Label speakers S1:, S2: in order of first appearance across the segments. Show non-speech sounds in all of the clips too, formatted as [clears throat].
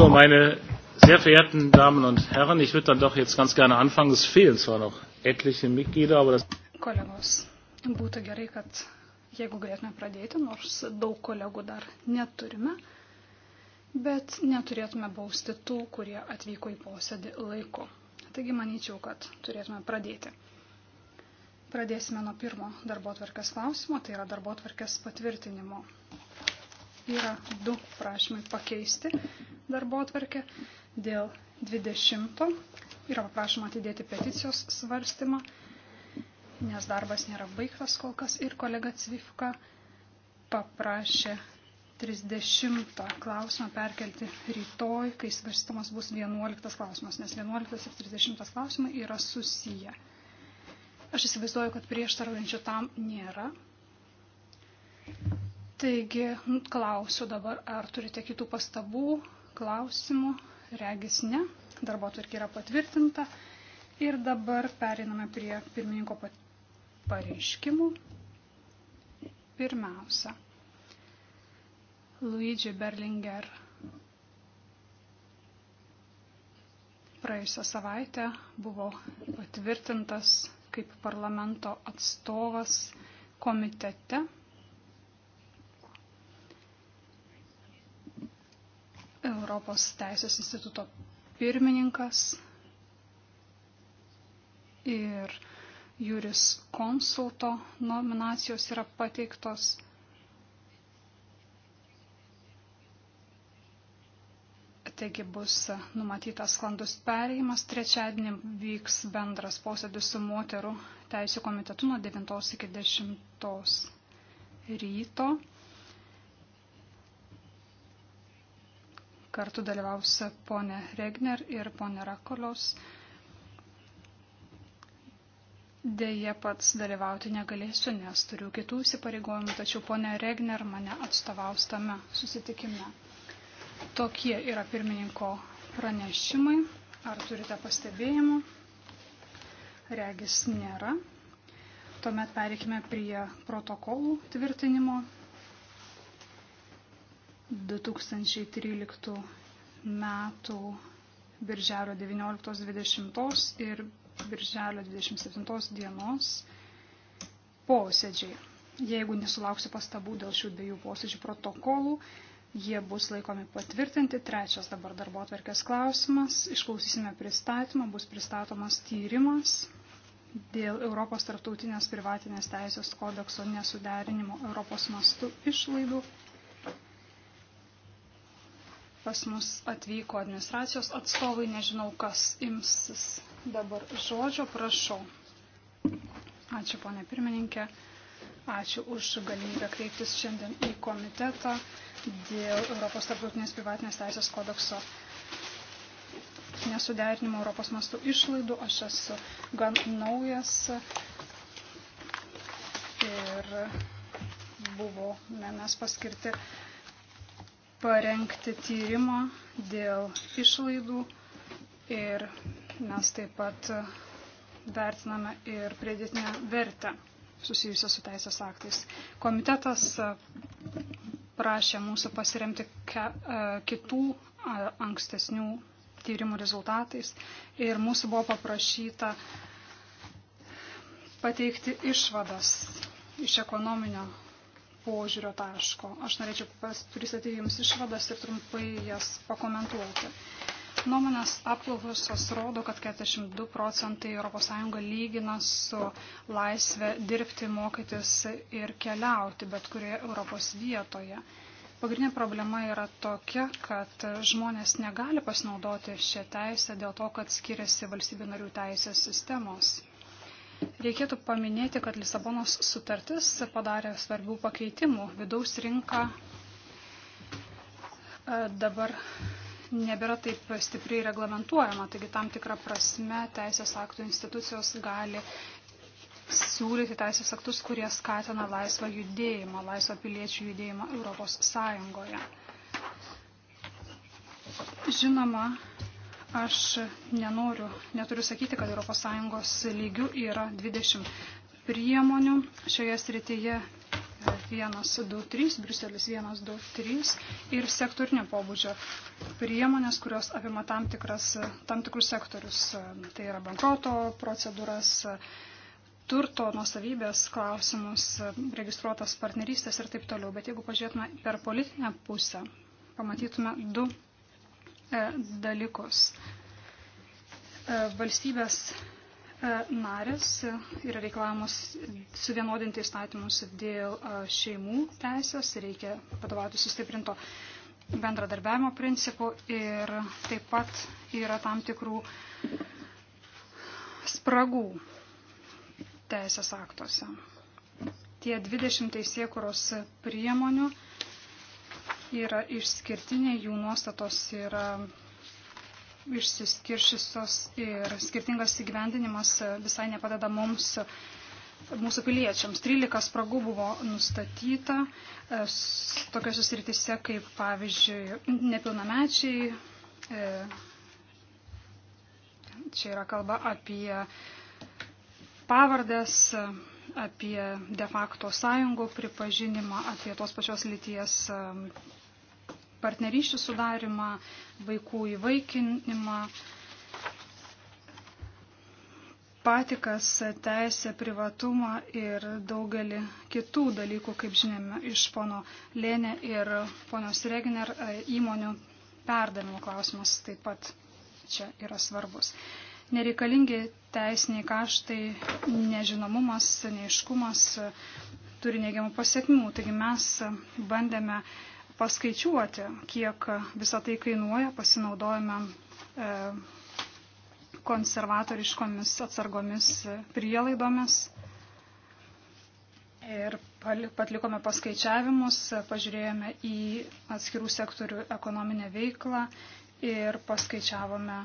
S1: So, meine sehr verehrten Damen und Herren, ich würde dann doch jetzt ganz gerne anfangen. Es
S2: fehlen zwar noch etliche Mitglieder, aber das. Kolegos, būtų gerai, kad jeigu galėtume pradėti, nors daug kolegų dar neturime, bet neturėtume bausti tų, kurie atvyko į posėdį laiku. Taigi manyčiau, kad turėtume pradėti. Pradėsime nuo pirmo darbo tvarkės klausimo, tai yra darbo tvarkės patvirtinimo. Yra du prašymai pakeisti darbo atvarkę. Dėl 20 yra paprašoma atidėti peticijos svarstymą, nes darbas nėra baigtas kol kas. Ir kolega Cvifka paprašė 30 klausimą perkelti rytoj, kai svarstymas bus 11 klausimas, nes 11 ir 30 klausimai yra susiję. Aš įsivaizduoju, kad prieštaraujančių tam nėra. Taigi, klausiu dabar, ar turite kitų pastabų, klausimų, regis ne, darbo tvarkė yra patvirtinta. Ir dabar periname prie pirmininko pareiškimų. Pirmiausia, Luigi Berlinger praėjusią savaitę buvo patvirtintas kaip parlamento atstovas komitete Europos Teisės instituto pirmininkas ir juris konsulto nominacijos yra pateiktos. Taigi bus numatytas sklandus perėjimas. Trečiadienį vyks bendras posėdis su moterų teisų komitetu nuo 9 iki 10 ryto. kartu dalyvaus ponė Regner ir ponė Rakolios. Deja, pats dalyvauti negalėsiu, nes turiu kitų įsipareigojimų, tačiau ponė Regner mane atstovaus tame susitikime. Tokie yra pirmininko pranešimai. Ar turite pastebėjimų? Regis nėra. Tuomet pereikime prie protokolų tvirtinimo. 2013 metų birželio 19-20 ir birželio 27 dienos posėdžiai. Jeigu nesulauksiu pastabų dėl šių dviejų posėdžių protokolų, jie bus laikomi patvirtinti. Trečias dabar darbo atverkės klausimas. Išklausysime pristatymą, bus pristatomas tyrimas dėl Europos tarptautinės privatinės teisės kodekso nesuderinimo Europos mastu išlaidų Pas mus atvyko administracijos atstovai, nežinau, kas imsis dabar žodžio, prašau. Ačiū, ponė pirmininkė. Ačiū už galimybę kreiptis šiandien į komitetą dėl Europos tarptautinės privatinės teisės kodekso nesuderinimo Europos mastų išlaidų. Aš esu gan naujas ir buvome mes paskirti parengti tyrimą dėl išlaidų ir mes taip pat vertiname ir pridėtinę vertę susijusią su teisės aktais. Komitetas prašė mūsų pasiremti e, kitų ankstesnių tyrimų rezultatais ir mūsų buvo paprašyta pateikti išvadas iš ekonominio požiūrio taško. Aš norėčiau pristatyti Jums išvadas ir trumpai jas pakomentuoti. Nuomonės apklausos rodo, kad 42 procentai ES lygina su laisvė dirbti, mokytis ir keliauti bet kurioje Europos vietoje. Pagrindinė problema yra tokia, kad žmonės negali pasinaudoti šią teisę dėl to, kad skiriasi valstybių narių teisės sistemos. Reikėtų paminėti, kad Lisabonos sutartis padarė svarbių pakeitimų. Vidaus rinka e, dabar nebėra taip stipriai reglamentuojama, taigi tam tikrą prasme teisės aktų institucijos gali siūlyti teisės aktus, kurie skatina laisvą judėjimą, laisvą piliečių judėjimą Europos Sąjungoje. Žinoma, Aš nenoriu, neturiu sakyti, kad ES lygių yra 20 priemonių. Šioje srityje 123, Briuselis 123 ir sektorinio pobūdžio priemonės, kurios apima tam, tikras, tam tikrus sektorius. Tai yra bankroto procedūras, turto nuosavybės klausimus, registruotas partnerystės ir taip toliau. Bet jeigu pažiūrėtume per politinę pusę, pamatytume du E, dalykus. E, valstybės e, narės yra reikalamos suvienodinti įstatymus dėl šeimų teisės, reikia vadovauti sustiprinto bendradarbiavimo principų ir taip pat yra tam tikrų spragų teisės aktuose. Tie 20 teisėkuros priemonių yra išskirtiniai, jų nuostatos yra išsiskiršusios ir skirtingas įgyvendinimas visai nepadeda mums, mūsų piliečiams. 13 spragų buvo nustatyta e, tokiuose sritise, kaip pavyzdžiui, nepilnamečiai. E, čia yra kalba apie pavardės, apie de facto sąjungų pripažinimą, apie tos pačios lyties partnerysčių sudarimą, vaikų įvaikinimą, patikas, teisę, privatumą ir daugelį kitų dalykų, kaip žinome, iš pono Lėnė ir ponios Regner e, įmonių perdavimo klausimas taip pat čia yra svarbus. Nereikalingi teisiniai kaštai, nežinomumas, neiškumas turi neigiamų pasiekmių. Taigi mes bandėme paskaičiuoti, kiek visą tai kainuoja, pasinaudojame e, konservatoriškomis atsargomis e, prielaidomis ir patlikome paskaičiavimus, pažiūrėjome į atskirų sektorių ekonominę veiklą ir paskaičiavome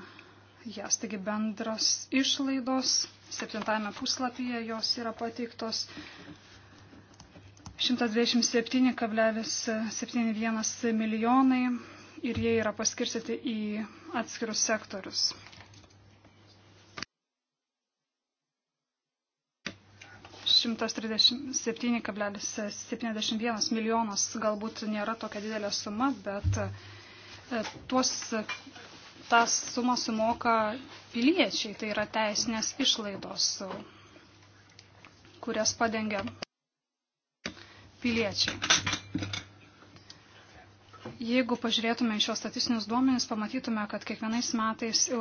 S2: jas. Taigi bendros išlaidos, septintame puslapyje jos yra pateiktos, 127,71 milijonai ir jie yra paskirstyti į atskirus sektorius. Šimtas 37,71 milijonas galbūt nėra tokia didelė suma, bet e, tuos, tą sumą sumoka piliečiai, tai yra teisinės išlaidos, kurias padengia piliečiai. Jeigu pažiūrėtume į šios statistinius duomenys, pamatytume, kad kiekvienais metais ES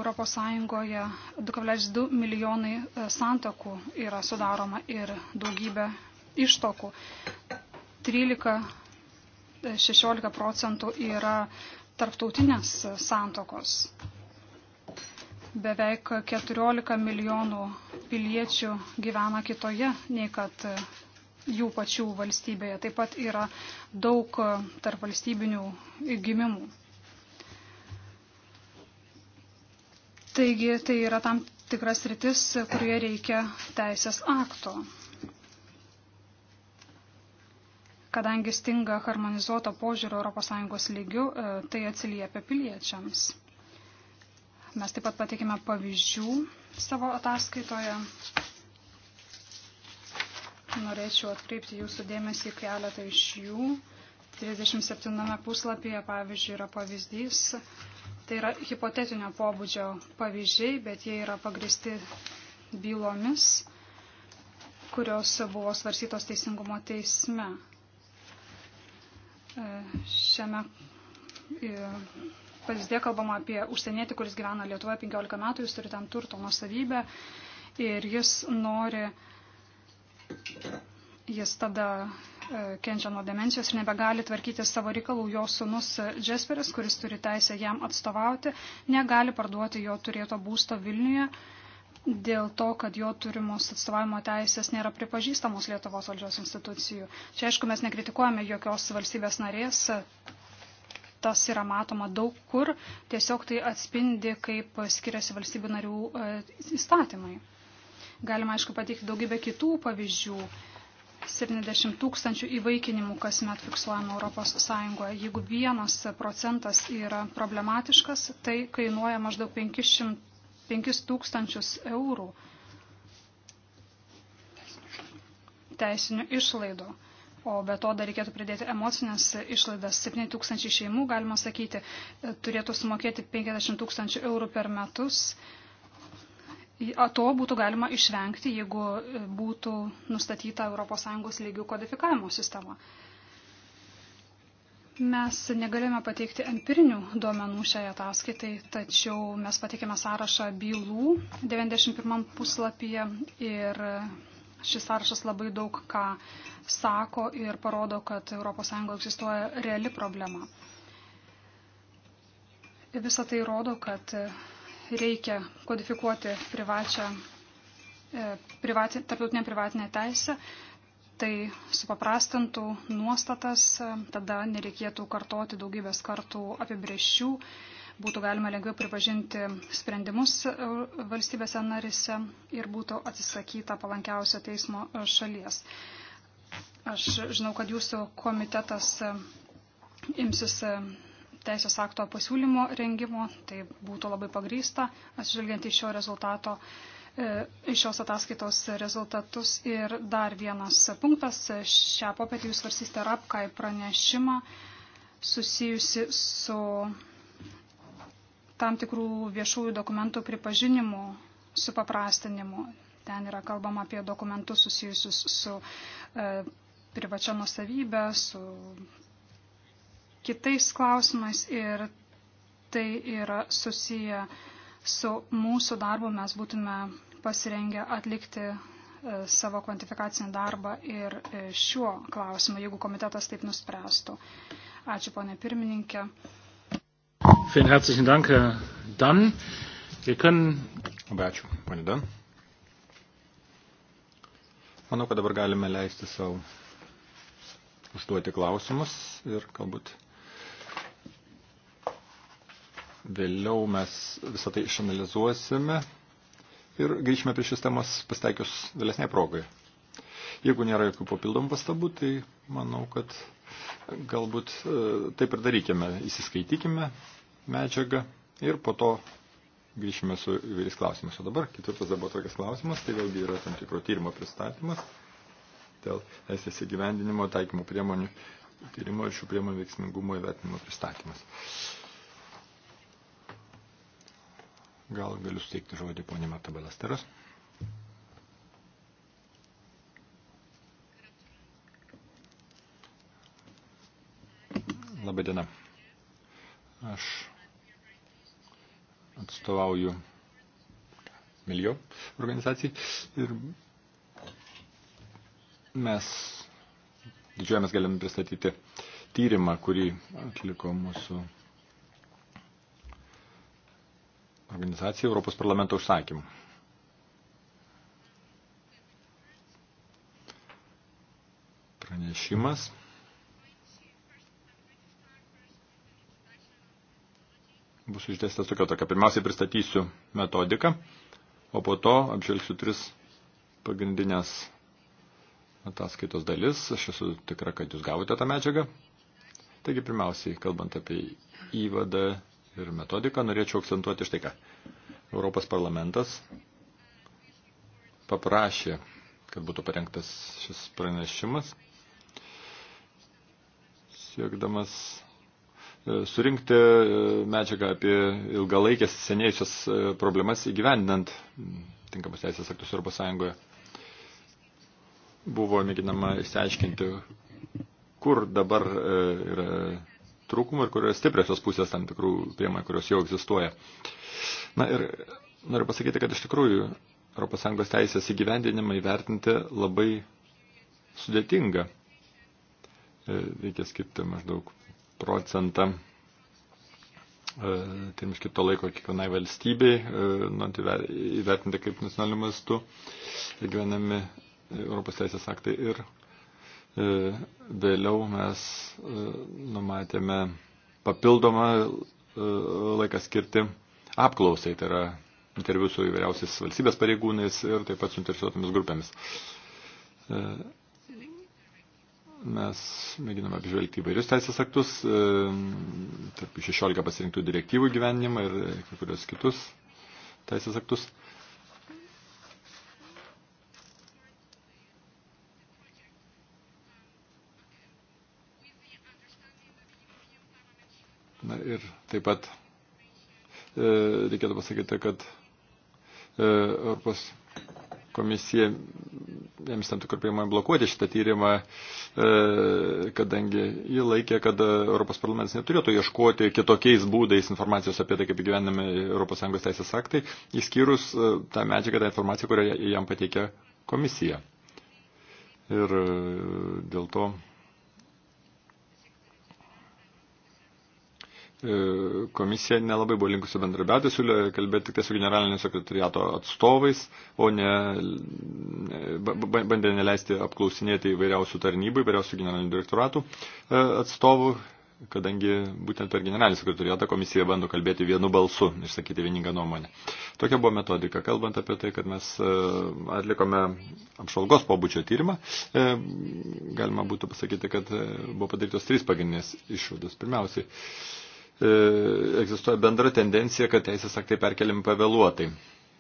S2: 2,2 milijonai e, santokų yra sudaroma ir daugybė ištokų. 13-16 e, procentų yra tarptautinės santokos. Beveik 14 milijonų piliečių gyvena kitoje nei kad jų pačių valstybėje. Taip pat yra daug e, tarp valstybinių gimimų. Taigi tai yra tam tikras rytis, kurioje reikia teisės akto. Kadangi stinga harmonizuoto požiūrio ES lygių, e, tai atsiliepia piliečiams. Mes taip pat patikime pavyzdžių savo ataskaitoje. Norėčiau atkreipti jūsų dėmesį keletą iš jų. 37 puslapyje, pavyzdžiui, yra pavyzdys. Tai yra hipotetinio pobūdžio pavyzdžiai, bet jie yra pagristi bylomis, kurios buvo svarsytos teisingumo teisme. E, šiame e, pavyzdė kalbama apie užsienietį, kuris gyvena Lietuvoje 15 metų, jis turi ten turto nusavybę ir jis nori uh, Jis tada e, kenčia nuo demencijos ir nebegali tvarkyti savo reikalų. Jo sunus Džesperis, kuris turi teisę jam atstovauti, negali parduoti jo turėto būsto Vilniuje dėl to, kad jo turimos atstovavimo teisės nėra pripažįstamos Lietuvos valdžios institucijų. Čia, aišku, mes nekritikuojame jokios valstybės narės, tas yra matoma daug kur, tiesiog tai atspindi, kaip skiriasi valstybių narių e, įstatymai. E, Galima, aišku, pateikti daugybę kitų pavyzdžių. 70 tūkstančių įvaikinimų kasmet fiksuojama ES. Jeigu vienas procentas yra problematiškas, tai kainuoja maždaug 500, 5 tūkstančius eurų teisinių išlaidų. O be to dar reikėtų pridėti emocinės išlaidas. 7 tūkstančiai šeimų, galima sakyti, turėtų sumokėti 50 tūkstančių eurų per metus To būtų galima išvengti, jeigu e, būtų nustatyta ES lygių kodifikavimo sistema. Mes negalėjome pateikti empirinių duomenų šiai ataskaitai, tačiau mes pateikėme sąrašą bylų 91 puslapyje ir šis sąrašas labai daug ką sako ir parodo, kad ES egzistuoja reali problema. Visą tai rodo, kad reikia kodifikuoti privačią, e, privatį, tarptautinę privatinę teisę, tai supaprastintų nuostatas, e, tada nereikėtų kartoti daugybės kartų apibrėžčių, būtų galima lengviau pripažinti sprendimus e, valstybėse narise ir būtų atsisakyta palankiausio teismo šalies. Aš žinau, kad jūsų komitetas imsis teisės akto pasiūlymo rengimo. Tai būtų labai pagrysta, atsižvelgiant į šio rezultato, iš e, šios ataskaitos rezultatus. Ir dar vienas punktas. Šią popietį jūs svarsysite RAPKAI pranešimą susijusi su tam tikrų viešųjų dokumentų pripažinimu, supaprastinimu. Ten yra kalbama apie dokumentus susijusius su e, privačia nusavybė, su kitais klausimais ir tai yra susiję su mūsų darbu. Mes būtume pasirengę atlikti e, savo kvantifikacinį darbą ir e, šiuo klausimu, jeigu komitetas taip nuspręstų. Ačiū, ponė pirmininkė.
S1: Vielen herzlichen Dank, Dan. Wir können. Labai ačiū, ponė Dan. Manau, kad dabar galime leisti savo užduoti klausimus ir galbūt Vėliau mes visą tai išanalizuosime ir grįžime prie šios temos pasteikius vėlesnėje progoje. Jeigu nėra jokių papildomų pastabų, tai manau, kad galbūt e, taip ir darykime. Įsiskaitykime medžiagą ir po to grįšime su įvairiais klausimais. O dabar ketvirtas darbo tokias klausimas, tai vėlgi yra tam tikro tyrimo pristatymas dėl esės įgyvendinimo taikymo priemonių tyrimo ir šių priemonių veiksmingumo įvertinimo pristatymas. Gal galiu suteikti žodį ponė Matabalasteras. Labadiena. Aš atstovauju Miljo organizacijai ir mes didžiuojamės galim pristatyti tyrimą, kurį atliko mūsų organizacija Europos parlamento užsakymų. Pranešimas. Bus išdėstas tokia tokia. Pirmiausiai pristatysiu metodiką, o po to apžvelgsiu tris pagrindinės ataskaitos dalis. Aš esu tikra, kad jūs gavote tą medžiagą. Taigi, pirmiausiai, kalbant apie įvadą ir metodiką, norėčiau akcentuoti štai ką. Europos parlamentas paprašė, kad būtų parengtas šis pranešimas, siekdamas e, surinkti e, medžiagą apie ilgalaikės senėjusias e, problemas įgyvendinant tinkamus teisės aktus Europos Sąjungoje. Buvo mėginama išsiaiškinti, kur dabar yra trūkumų ir kur yra stipriosios pusės tam tikrų priemonių, kurios jau egzistuoja. Na ir noriu pasakyti, kad iš tikrųjų ES teisės įgyvendinimą įvertinti labai sudėtinga. E, reikia skirti maždaug procentą e, tai skirto laiko kiekvienai valstybei, e, norint nu, tai įvertinti kaip nacionaliniu mastu gyvenami Europos teisės aktai ir E, vėliau mes e, numatėme papildomą e, laiką skirti apklausai, tai yra interviu su įvairiausiais valstybės pareigūnais ir taip pat su interesuotomis grupėmis. Mes mėginame apžvelgti įvairius teisės aktus, tarp 16 pasirinktų direktyvų gyvenimą ir kai kurios kitus teisės aktus. ir taip pat e, reikėtų pasakyti, kad e, Europos komisija jiems tam tikrų priemonių blokuoti šitą tyrimą, e, kadangi jį laikė, kad Europos parlamentas neturėtų ieškoti kitokiais būdais informacijos apie tai, kaip gyvename ES teisės aktai, įskyrus tą medžiagą, tą informaciją, kurią jam pateikė komisija. Ir dėl to E, komisija nelabai buvo linkusi bendrabiauti, siūlė kalbėti tik tai su generalinio sekretariato atstovais, o ne bandė neleisti apklausinėti įvairiausių tarnybų, įvairiausių generalinių direktoratų e, atstovų, kadangi būtent per generalinį sekretariatą komisija bando kalbėti vienu balsu, išsakyti vieningą nuomonę. Tokia buvo metodika, kalbant apie tai, kad mes e, atlikome apšalgos pobūdžio tyrimą, galima būtų pasakyti, kad buvo padarytos trys pagrindinės išvados. Pirmiausiai, E, egzistuoja bendra tendencija, kad teisės aktai perkeliami pavėluotai.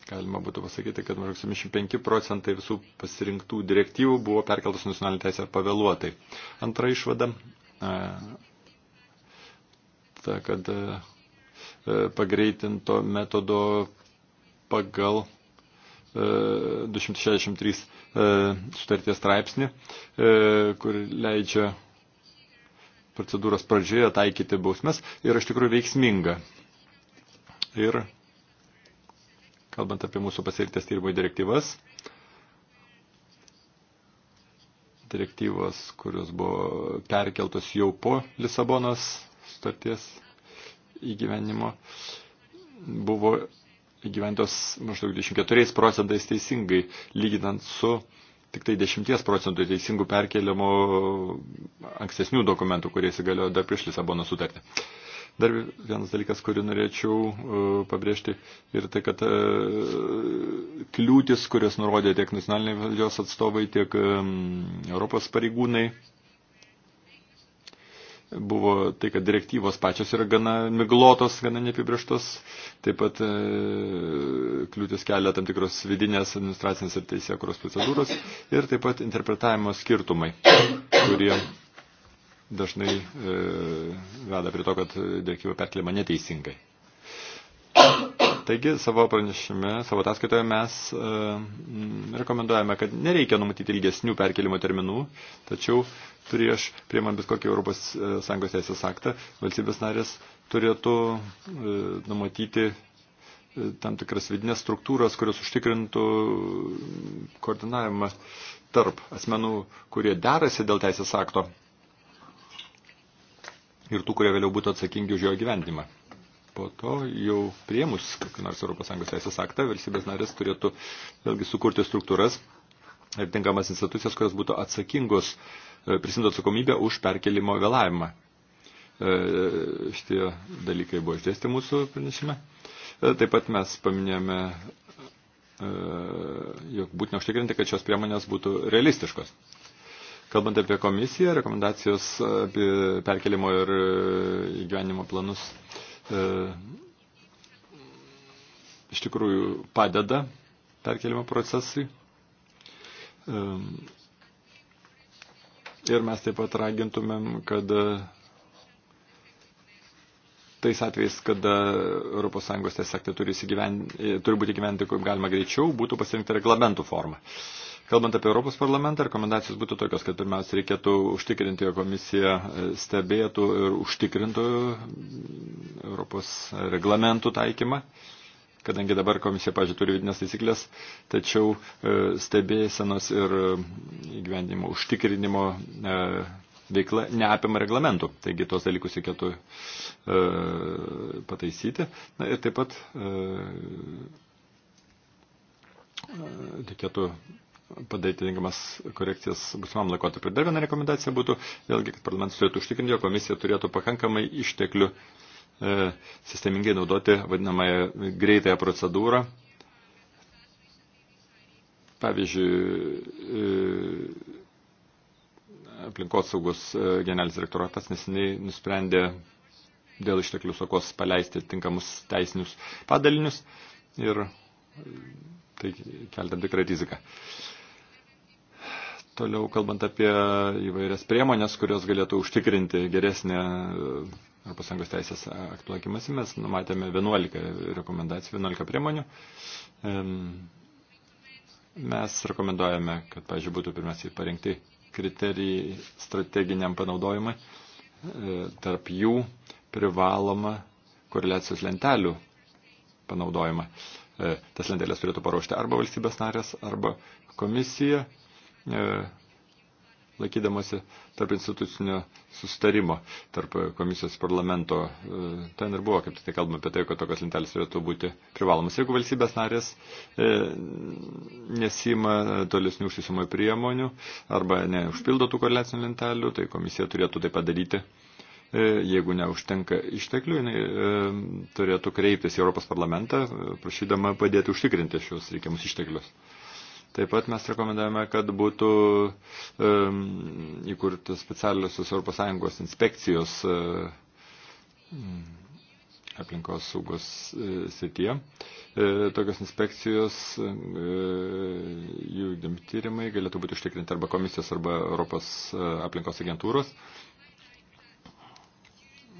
S1: Galima būtų pasakyti, kad maždaug 75 procentai visų pasirinktų direktyvų buvo perkeltas nacionalinė teisė pavėluotai. Antra išvada, e, ta, kad e, pagreitinto metodo pagal 263 sutarties straipsnį, kur leidžia procedūros pradžioje taikyti bausmes yra iš tikrųjų veiksminga. Ir kalbant apie mūsų pasirinktas tyrimo direktyvas, direktyvos, kurios buvo perkeltos jau po Lisabonos starties įgyvenimo, buvo įgyventos maždaug 24 procentais teisingai, lyginant su tik tai 10 procentų teisingų perkeliamų ankstesnių dokumentų, kurie įsigaliojo dar prieš Lisabono sutartį. Dar vienas dalykas, kurį norėčiau uh, pabrėžti, ir tai, kad uh, kliūtis, kurias nurodė tiek nacionaliniai valdžios atstovai, tiek um, Europos pareigūnai, uh, buvo tai, kad direktyvos pačios yra gana miglotos, gana neapibrieštos, taip pat e, kliūtis kelia tam tikros vidinės administracinės ir teisėkuros procedūros ir taip pat interpretavimo skirtumai, kurie dažnai e, veda prie to, kad direktyva perkeliama neteisingai. Taigi savo pranešime, savo ataskaitoje mes e, rekomenduojame, kad nereikia numatyti ilgesnių perkelimo terminų, tačiau prieš priemant bet kokį ES e, teisės aktą, valstybės narės turėtų e, numatyti e, tam tikras vidinės struktūras, kurios užtikrintų koordinavimą tarp asmenų, kurie derasi dėl teisės akto ir tų, kurie vėliau būtų atsakingi už jo gyvendimą po to jau priemus kokį nors ES teisės aktą, valstybės narės turėtų vėlgi sukurti struktūras ir tinkamas institucijas, kurios būtų atsakingos e, prisimtų atsakomybę už perkelimo vėlavimą. E, šitie dalykai buvo išdėsti mūsų pranešime. E, taip pat mes paminėjome, jog būtina užtikrinti, kad šios priemonės būtų realistiškos. Kalbant apie komisiją, rekomendacijos apie perkelimo ir gyvenimo planus E, iš tikrųjų padeda perkelimo procesui. E, ir mes taip pat ragintumėm, kad e, tais atvejais, kada ES teisės aktai turi, turi būti gyventi kaip galima greičiau, būtų pasirinkta reglamentų forma. Uh, Kalbant apie Europos parlamentą, rekomendacijos būtų tokios, kad pirmiausia reikėtų užtikrinti, jog komisija e, stebėtų ir užtikrintų mm, Europos reglamentų taikymą kadangi dabar komisija, pažiūrėjau, turi vidinės taisyklės, tačiau e, stebėsenos ir mm, įgyvendimo užtikrinimo e, veikla neapima reglamentų. Taigi tuos dalykus reikėtų e, pataisyti. Na ir taip pat e, reikėtų padaryti tinkamas korekcijas būsimam laikotarpiu. Dar viena rekomendacija būtų, vėlgi, kad parlamentas turėtų užtikrinti, jog komisija turėtų pakankamai išteklių e, sistemingai naudoti vadinamąją greitąją procedūrą. Pavyzdžiui, e, aplinkosaugos e, generalinis direktoratas nesiniai nusprendė dėl išteklių sakos paleisti tinkamus teisinius padalinius ir e, tai keltam tikrą riziką. E, Toliau kalbant apie įvairias priemonės, kurios galėtų užtikrinti geresnę Europos Sąjungos teisės aktų laikymasi, mes numatėme 11 rekomendacijų, 11 priemonių. Mes rekomenduojame, kad, pažiūrėjau, būtų pirmiausiai parengti kriterijai strateginiam panaudojimui, e, tarp jų privaloma koreliacijos lentelių panaudojimą. E, tas lentelės turėtų paruošti arba valstybės narės, arba komisija E, laikydamasi tarp institucinio sustarimo, tarp komisijos parlamento. E, ten ir buvo, kaip tai kalbame apie tai, kad tokios lentelės turėtų būti privalomas. Jeigu valstybės narės e, nesima tolesnių užsisimojų priemonių arba neužpildo tų koreliacinių lentelių, tai komisija turėtų tai padaryti. E, jeigu neužtenka išteklių, jinai e, turėtų kreiptis į Europos parlamentą, prašydama padėti užtikrinti šios reikiamus išteklius. Taip pat mes rekomendavome, kad būtų um, įkurtos specialiosios Europos Sąjungos inspekcijos um, aplinkos saugos e, srityje. E, tokios inspekcijos, e, jų įdėmi tyrimai galėtų būti užtikrinti arba komisijos, arba Europos e, aplinkos agentūros.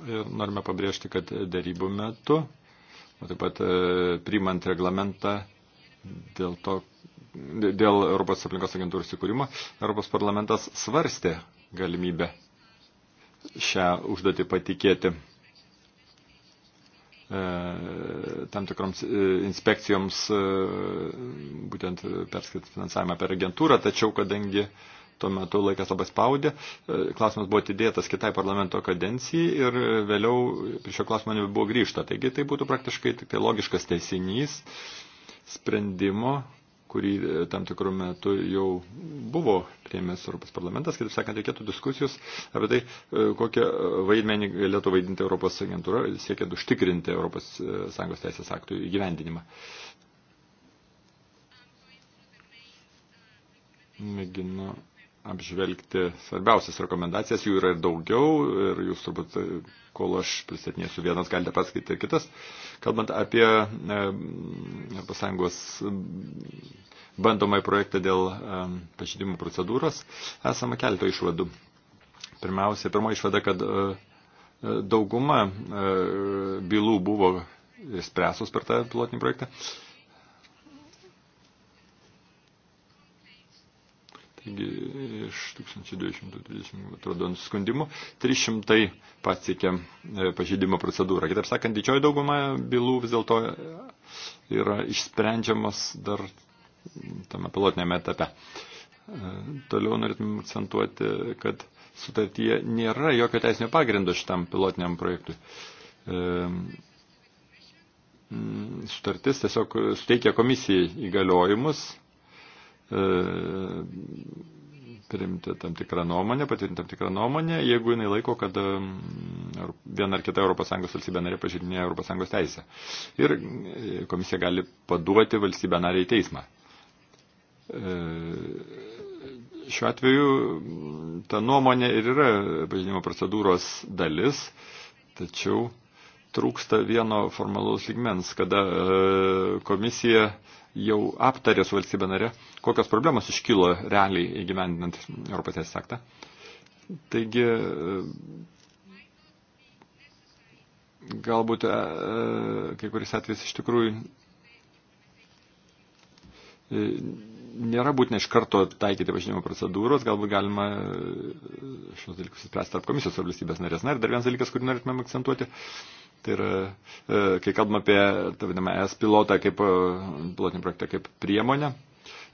S1: Ir norime pabrėžti, kad darybų metu, o taip pat e, priimant reglamentą dėl to, dėl Europos aplinkos agentūros įkūrimo, Europos parlamentas svarstė galimybę šią užduotį patikėti e, tam tikroms e, inspekcijoms e, būtent perskait finansavimą per agentūrą, tačiau kadangi tuo metu laikas labai spaudė, e, klausimas buvo atidėtas kitai parlamento kadencijai ir vėliau prie šio klausimo nebuvo grįžta. Taigi tai būtų praktiškai tik tai logiškas teisinys sprendimo kurį e, tam tikrų metų jau buvo prieimęs Europos parlamentas, kitaip sakant, reikėtų diskusijos apie tai, e, kokią vaidmenį galėtų vaidinti Europos agentūra, siekiant užtikrinti Europos e, Sąjungos teisės aktų įgyvendinimą. Mėginu apžvelgti svarbiausias rekomendacijas, jų yra ir daugiau, ir jūs turbūt, e, kol aš pristatinėsiu vienas, galite paskaityti ir kitas. Kalbant apie e, pasangos bandomai projektą dėl e, pažydimų procedūros, esama kelto išvadų. Pirmiausia, pirmoji išvada, kad dauguma bylų buvo spręsus per tą pilotinį projektą. Taigi iš 1230 nusiskundimų 300 pasiekė e, pažeidimo procedūrą. Kitaip sakant, didžioji dauguma bylų vis dėlto yra išsprendžiamas dar tame pilotinėme etape. E, toliau norėtume akcentuoti, kad sutartyje nėra jokio teisinio pagrindo šitam pilotiniam projektui. E, sutartis tiesiog suteikia komisijai įgaliojimus E, priimti tam tikrą nuomonę, patvirtinti tam tikrą nuomonę, jeigu jinai laiko, kad mm, viena ar kita ES valstybė narė pažydinėja ES teisę. Ir e, komisija gali paduoti valstybę narę į teismą. E, šiuo atveju mm, ta nuomonė ir yra pažinimo procedūros dalis, tačiau trūksta vieno formalaus ligmens, kada komisija jau aptarė su valstybė narė, kokios problemos iškilo realiai įgyvendinant Europos teisės aktą. Taigi, e, galbūt e, e, kai kuris atvejs iš tikrųjų nėra būtina iš karto taikyti pažinimo procedūros, galbūt galima e, šios dalykus spręsti tarp komisijos ar valstybės narės. Na ir dar vienas dalykas, kurį norėtumėm akcentuoti, tai yra, e, kai kalbam apie, tą vadinamą, ES pilotą kaip, e, pilotinį projektą kaip priemonę,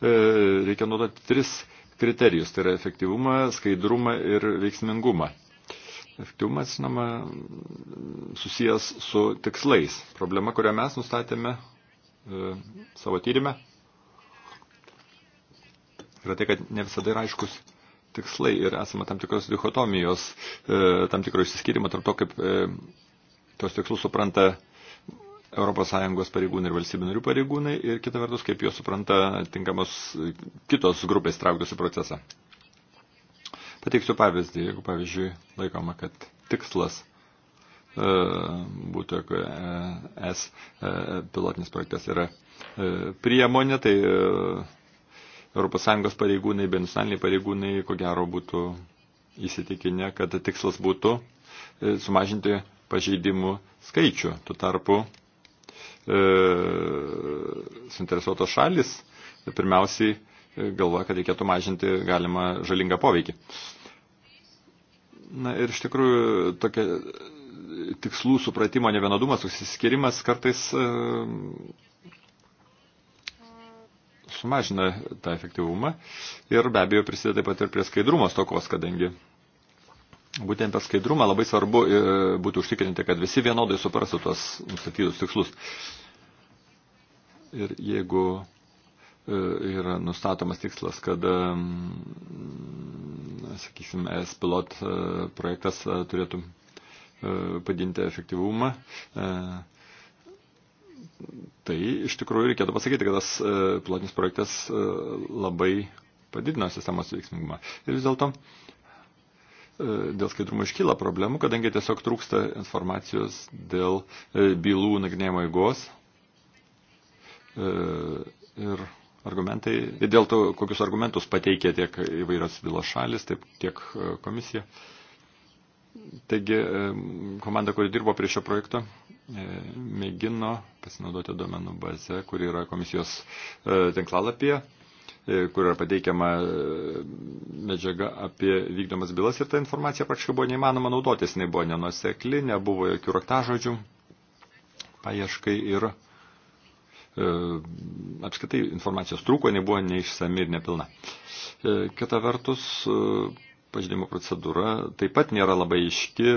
S1: reikia naudoti tris kriterijus, tai yra efektyvumą, skaidrumą ir veiksmingumą. Efektyvumas, žinoma, susijęs su tikslais. Problema, kurią mes nustatėme savo tyrimę, yra tai, kad ne visada yra aiškus tikslai ir esame tam tikros dichotomijos, e, tam tikro išsiskirimo tarp to, kaip e, tos tikslus supranta ES pareigūnai ir valstybių narių pareigūnai ir kita vertus, kaip juos supranta tinkamos kitos grupės traukdosi procesą. Pateiksiu pavyzdį, jeigu pavyzdžiui laikoma, kad tikslas e, būtų S pilotinis projektas yra priemonė, tai ES pareigūnai, bei nacionaliniai pareigūnai, ko gero būtų įsitikinę, kad tikslas būtų e, sumažinti pažeidimų skaičių. Tuo tarpu e, suinteresuotos šalis pirmiausiai e, galvoja, kad reikėtų mažinti galimą žalingą poveikį. Na ir iš tikrųjų tokia tikslų supratimo nevienodumas, susiskirimas kartais e, sumažina tą efektyvumą ir be abejo prisideda taip pat ir prie skaidrumo stokos, kadangi būtent per skaidrumą labai svarbu e, būtų užtikrinti, kad visi vienodai suprastų tuos nustatytus tikslus. Ir jeigu e, yra nustatomas tikslas, kad, e, sakysime, S pilot projektas turėtų padinti efektyvumą, tai iš tikrųjų reikėtų pasakyti, kad tas e, pilotinis projektas e, labai padidino sistemos veiksmingumą. Ir vis dėlto e, dėl skaidrumo iškyla problemų, kadangi tiesiog trūksta informacijos dėl bylų nagrinėjimo eigos ir argumentai, ir dėl to, kokius argumentus pateikė tiek įvairios bylos šalis, taip, tiek komisija. Uh, Taigi komanda, kuri dirbo prie šio projekto, e, mėgino pasinaudoti duomenų bazę, kuri yra komisijos e, tinklalapyje, e, kur yra pateikiama medžiaga apie vykdomas bylas ir ta informacija praktiškai buvo neįmanoma naudotis, jinai buvo nenusekli, nebuvo jokių raktažodžių, paieškai ir apskritai informacijos trūko, nebuvo neišsami ir nepilna. Kita vertus, pažydimo procedūra taip pat nėra labai iški,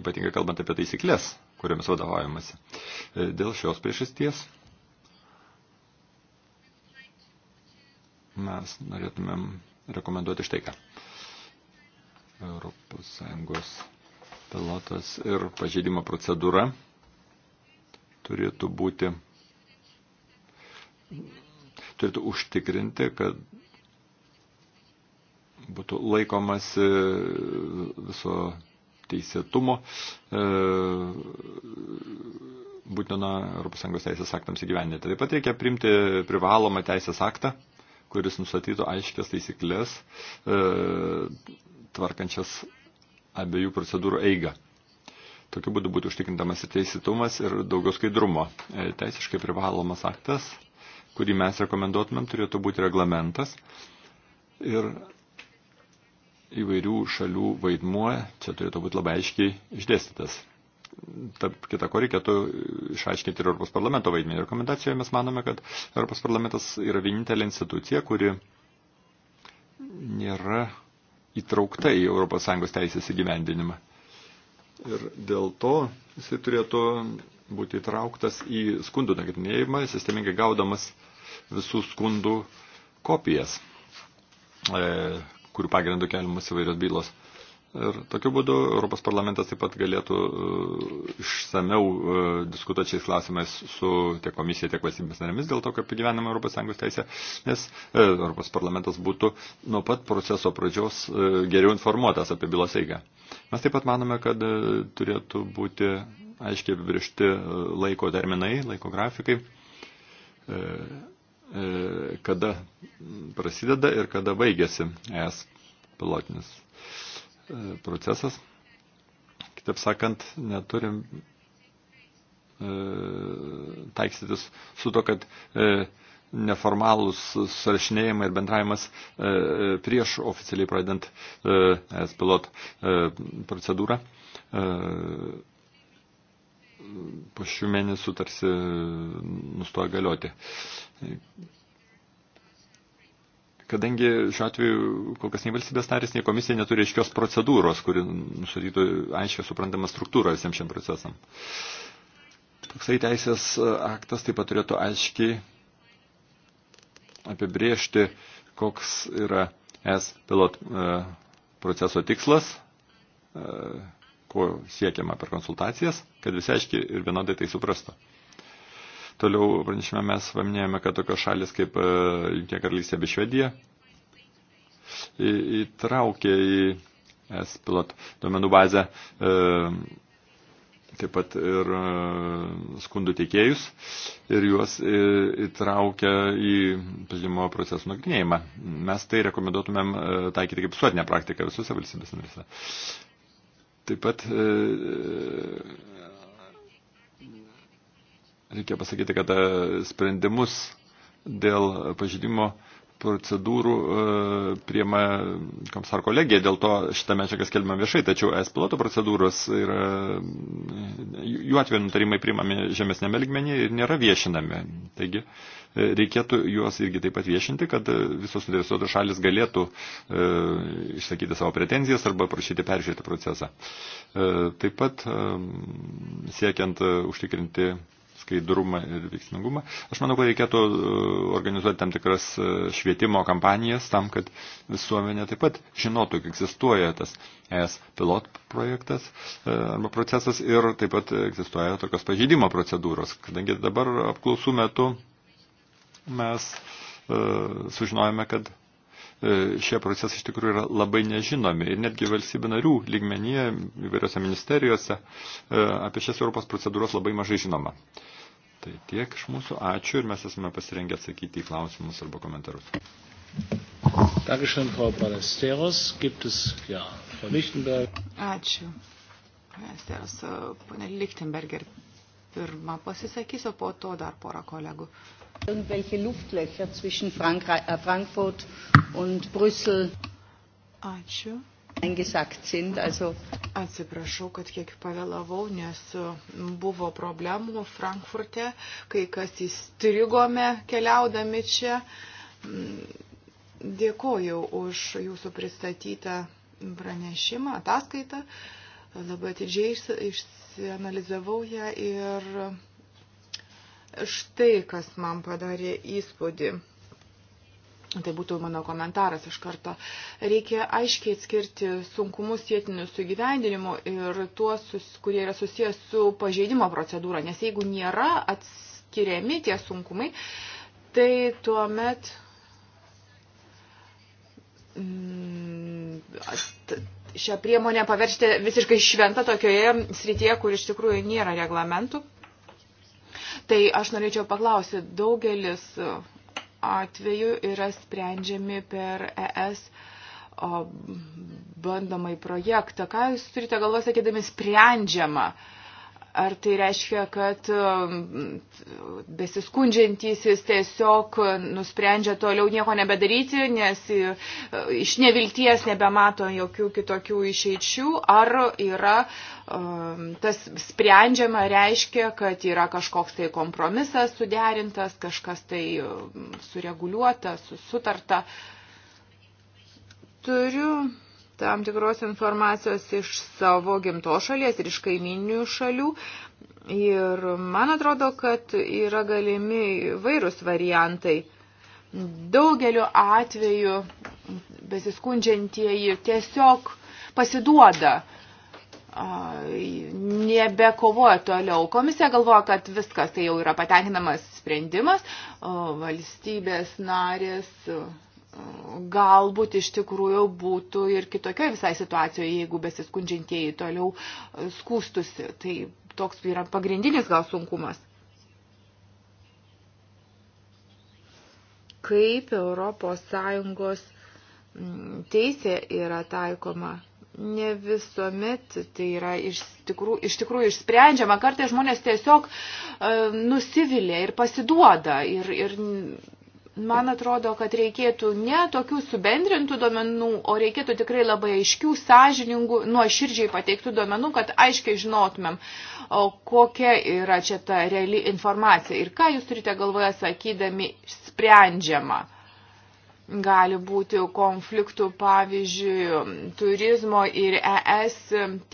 S1: ypatingai kalbant apie taisyklės, kuriomis vadovaujamasi. E, dėl šios priežasties mes norėtumėm rekomenduoti štai ką. Europos Sąjungos pilotas ir pažydimo procedūra turėtų būti turėtų užtikrinti, kad būtų laikomasi viso teisėtumo e, būtina ES teisės aktams įgyvendinti. Taip pat reikia primti privalomą teisės aktą, kuris nustatytų aiškias taisyklės e, tvarkančias abiejų procedūrų eigą. Tokiu būdu būtų užtikrintamas ir teisėtumas, ir daugiau skaidrumo. E, teisiškai privalomas aktas, kurį mes rekomenduotumėm, turėtų būti reglamentas. Ir įvairių šalių vaidmuo čia turėtų būti labai aiškiai išdėstytas. Tarp kita ko reikėtų išaiškinti ir Europos parlamento vaidmenį. Rekomendacijoje mes manome, kad Europos parlamentas yra vienintelė institucija, kuri nėra įtraukta į ES teisės įgyvendinimą. Ir dėl to jisai turėtų būti įtrauktas į skundų nagrinėjimą, sistemingai gaudamas visų skundų kopijas. E, kurių pagrindų keliamas įvairios bylos. Ir tokiu būdu Europos parlamentas taip pat galėtų e, išsameu e, diskutuoti šiais klausimais su tiek komisija, tiek valstybės narėmis dėl to, kaip gyvenama ES teisė, nes e, Europos parlamentas būtų nuo pat proceso pradžios geriau informuotas apie bylos eigą. Mes taip pat manome, kad turėtų būti aiškiai apibriežti laiko terminai, laiko grafikai kada prasideda ir kada baigėsi ES pilotinis e, procesas. Kitaip sakant, neturim e, taikstytis su to, kad e, neformalūs surašinėjimai ir bendravimas prieš oficialiai pradedant ES pilot procedūrą. Po šių mėnesių tarsi nustoja galioti. Kadangi šiuo atveju kol kas nei valstybės narės, nei komisija neturi aiškios procedūros, kuri nusatytų aiškiai suprantamą struktūrą visiems šiam procesam. Toksai teisės aktas taip pat turėtų aiškiai apibriežti, koks yra S pilot e, proceso tikslas, e, ko siekiama per konsultacijas, kad visi aiškiai ir vienodai tai suprastų. Toliau pranešime mes paminėjome, kad tokios šalis kaip e, Junktinė karalystė bei Švedija įtraukė į S-pilot duomenų bazę e, taip pat ir e, skundų teikėjus ir juos įtraukia į pildymo procesų nagrinėjimą. Mes tai rekomenduotumėm taikyti kaip suotinę praktiką visose valstybės narėse. Taip pat Reikia pasakyti, kad e, sprendimus dėl pažydimo procedūrų e, priema komisar kolegija, dėl to šitą medžiagą skelbiama viešai, tačiau es piloto procedūros ir e, jų atveju nutarimai priimami žemesnėme ligmenyje ir nėra viešinami. Taigi reikėtų juos irgi taip pat viešinti, kad visos suinteresuotos šalis galėtų išsakyti savo pretenzijas arba prašyti peržiūrėti procesą. Taip pat siekiant užtikrinti skaidrumą ir veiksmingumą. Aš manau, kad reikėtų e, organizuoti tam tikras e, švietimo kampanijas tam, kad visuomenė taip pat žinotų, kad egzistuoja tas ES pilot projektas e, arba procesas ir taip pat egzistuoja tokios pažeidimo procedūros, kadangi dabar apklausų metu mes sužinojame, kad E, šie procesai iš tikrųjų yra labai nežinomi. Ir netgi valstybių narių lygmenyje įvairiose ministerijose e, apie šias Europos procedūros labai mažai žinoma. Tai tiek iš mūsų. Ačiū ir mes esame pasirengę atsakyti į klausimus arba komentarus.
S2: Dankeschön, Frau Balesteros. Gibt es, ja, Frau Lichtenberg.
S3: Ačiū. Balesteros, e, ponė Lichtenberger pirmą pasisakys, o po to dar porą kolegų. Irgendwelche Luftlöcher zwischen Frankreich, äh, Frankfurt und Brüssel Ačiū. eingesackt sind. Also Atsiprašau, kad kiek pavėlavau, nes buvo problemų Frankfurte, kai kas įstrigome keliaudami čia. Dėkoju už jūsų pristatytą pranešimą, ataskaitą. Labai atidžiai išsianalizavau ją ir štai, kas man padarė įspūdį. Tai būtų mano komentaras iš karto. Reikia aiškiai atskirti sunkumus sėtinius su gyvendinimu ir tuos, kurie yra susijęs su pažeidimo procedūra, nes jeigu nėra atskiriami tie sunkumai, tai tuomet. Mm, at, šią priemonę paversti visiškai šventą tokioje srityje, kur iš tikrųjų nėra reglamentų. Tai aš norėčiau paklausyti, daugelis e, atvejų yra sprendžiami per ES bandomai projektą. Ką jūs turite galvoje, sakydami, sprendžiama? Uh, Ar tai reiškia, kad um, besiskundžiantysis tiesiog nusprendžia toliau nieko nebedaryti, nes uh, iš nevilties nebemato jokių kitokių išeičių, ar yra um, tas sprendžiama reiškia, kad yra kažkoks tai kompromisas suderintas, kažkas tai um, sureguliuota, sutarta. Turiu tam tikros informacijos iš savo gimto šalies ir iš kaiminių šalių. Ir man atrodo, kad yra galimi vairūs variantai. Daugeliu atveju besiskundžiantieji tiesiog pasiduoda nebekovoja toliau. Komisija galvoja, kad viskas tai jau yra patenkinamas sprendimas, valstybės narės galbūt iš tikrųjų būtų ir kitokioje visai situacijoje, jeigu besiskundžiantieji toliau e, skūstusi. Tai toks yra pagrindinis gal sunkumas. Kaip ES teisė yra taikoma? Ne visuomet tai yra iš tikrųjų, iš tikrųjų išsprendžiama. Kartais žmonės tiesiog e, nusivilia ir pasiduoda. Ir, ir man atrodo, kad reikėtų ne tokių subendrintų duomenų, o reikėtų tikrai labai aiškių, sąžiningų, nuoširdžiai pateiktų duomenų, kad aiškiai žinotumėm, o kokia yra čia ta reali informacija ir ką jūs turite galvoje sakydami sprendžiama. Gali būti konfliktų, pavyzdžiui, turizmo ir ES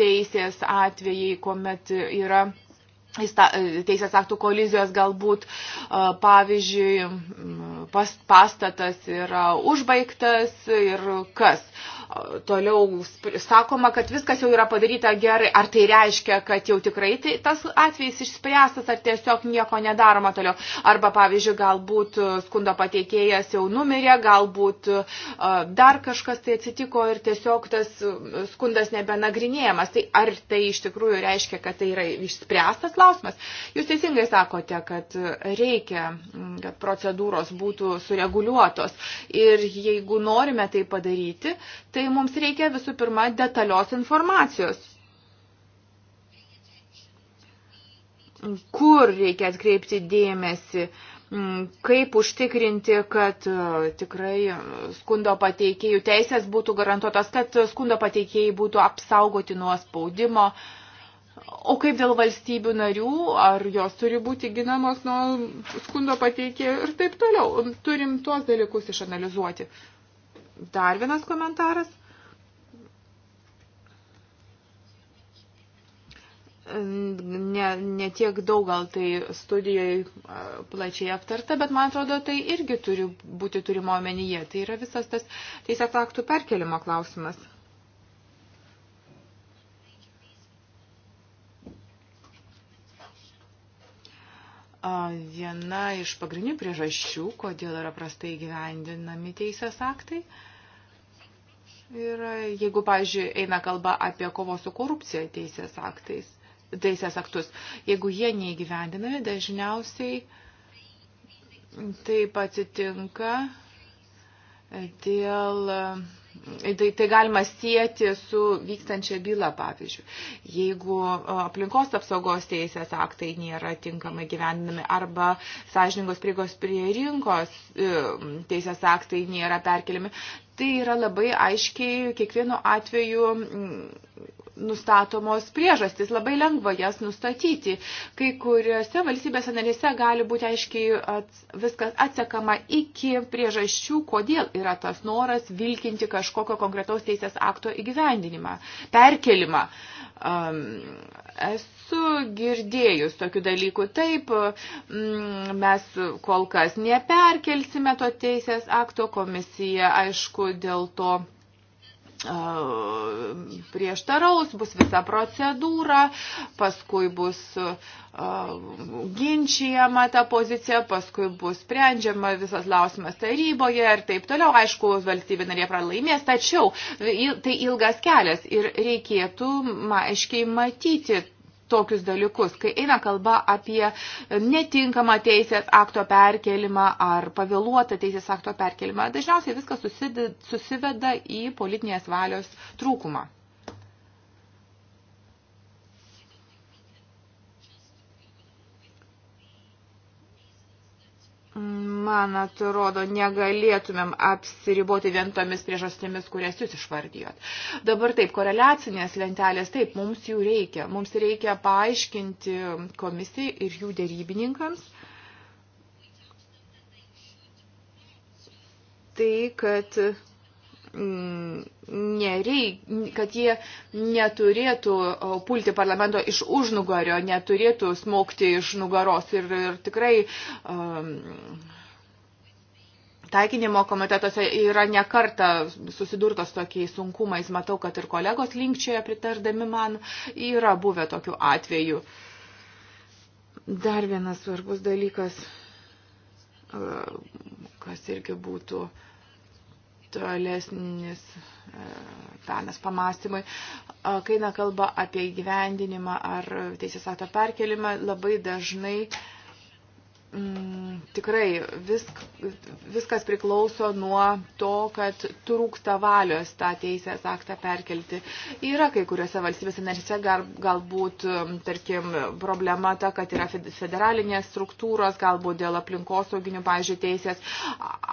S3: teisės atvejai, kuomet yra teisės aktų kolizijos galbūt, pavyzdžiui, pastatas yra užbaigtas ir kas. Toliau sakoma, kad viskas jau yra padaryta gerai. Ar tai reiškia, kad jau tikrai tai, tas atvejis išspręstas, ar tiesiog nieko nedaroma toliau? Arba, pavyzdžiui, galbūt e, skundo pateikėjas jau numirė, galbūt e, dar kažkas tai atsitiko ir tiesiog tas e, skundas nebenagrinėjamas. Tai ar tai iš tikrųjų reiškia, kad tai yra išspręstas klausimas? Jūs teisingai sakote, kad reikia, kad procedūros būtų sureguliuotos. Ir jeigu norime tai padaryti, tai tai mums reikia visų pirma detalios informacijos. Kur reikia atkreipti dėmesį, kaip užtikrinti, kad e, tikrai e, skundo pateikėjų teisės būtų garantuotas, kad skundo pateikėjai būtų apsaugoti nuo spaudimo. O kaip dėl valstybių narių, ar jos turi būti ginamos nuo skundo pateikėjų ir taip toliau. Turim tuos dalykus išanalizuoti. Dar vienas komentaras. ne, ne tiek daug gal tai studijai plačiai aptarta, bet man atrodo, tai irgi turi būti turimo omenyje. Tai yra visas tas teisės aktų perkelimo klausimas. viena iš pagrindinių priežasčių, kodėl yra prastai gyvendinami teisės aktai. Ir jeigu, pavyzdžiui, eina kalba apie kovo su korupcija teisės, aktais, teisės aktus, jeigu jie neįgyvendinami, dažniausiai taip atsitinka dėl Tai, tai galima sieti su vykstančia byla, pavyzdžiui. Jeigu aplinkos apsaugos teisės aktai nėra tinkamai gyvendinami arba sąžiningos prigos prie rinkos e, teisės aktai nėra perkeliami, tai yra labai aiškiai kiekvienu atveju nustatomos priežastys. Labai lengva jas nustatyti. Kai kuriuose valstybėse narėse gali būti aiškiai ats, viskas atsekama iki priežasčių, kodėl yra tas noras vilkinti kažkokio konkretaus teisės akto įgyvendinimą, perkelimą. Um, esu girdėjus tokių dalykų. Taip, mm, mes kol kas neperkelsime to teisės akto, komisija aišku dėl to prieštaraus, bus visa procedūra, paskui bus ginčiama ta pozicija, paskui bus sprendžiama visas lausimas taryboje ir taip toliau. Aišku, valstybė narė pralaimės, tačiau tai ilgas kelias ir reikėtų aiškiai matyti tokius dalykus, kai eina kalba apie netinkamą teisės akto perkelimą ar pavėluotą teisės akto perkelimą. Dažniausiai viskas susiveda į politinės valios trūkumą. Man atrodo, negalėtumėm apsiriboti vien tomis priežastimis, kurias jūs išvardijot. Dabar taip, koreliacinės lentelės, taip, mums jų reikia. Mums reikia paaiškinti komisijai ir jų dėrybininkams tai, kad Mm, nereik, kad jie neturėtų pulti parlamento iš užnugario, neturėtų smokti iš nugaros. Ir, ir tikrai um, taikinimo komitetuose yra nekarta susidurtos tokiais sunkumais. Matau, kad ir kolegos linkčioje pritardami man yra buvę tokių atvejų. Dar vienas svarbus dalykas, kas irgi būtų uh, tolesnis e, penas pamastymui. E, kai na kalba apie įgyvendinimą ar teisės akto perkelimą, labai dažnai uh, mm, tikrai visk, viskas priklauso nuo to, kad trūksta valios tą teisės aktą perkelti. Yra kai kuriuose valstybėse narėse gal, galbūt, mm, tarkim, problema ta, kad yra federalinės struktūros, galbūt dėl aplinkosauginių, pavyzdžiui, teisės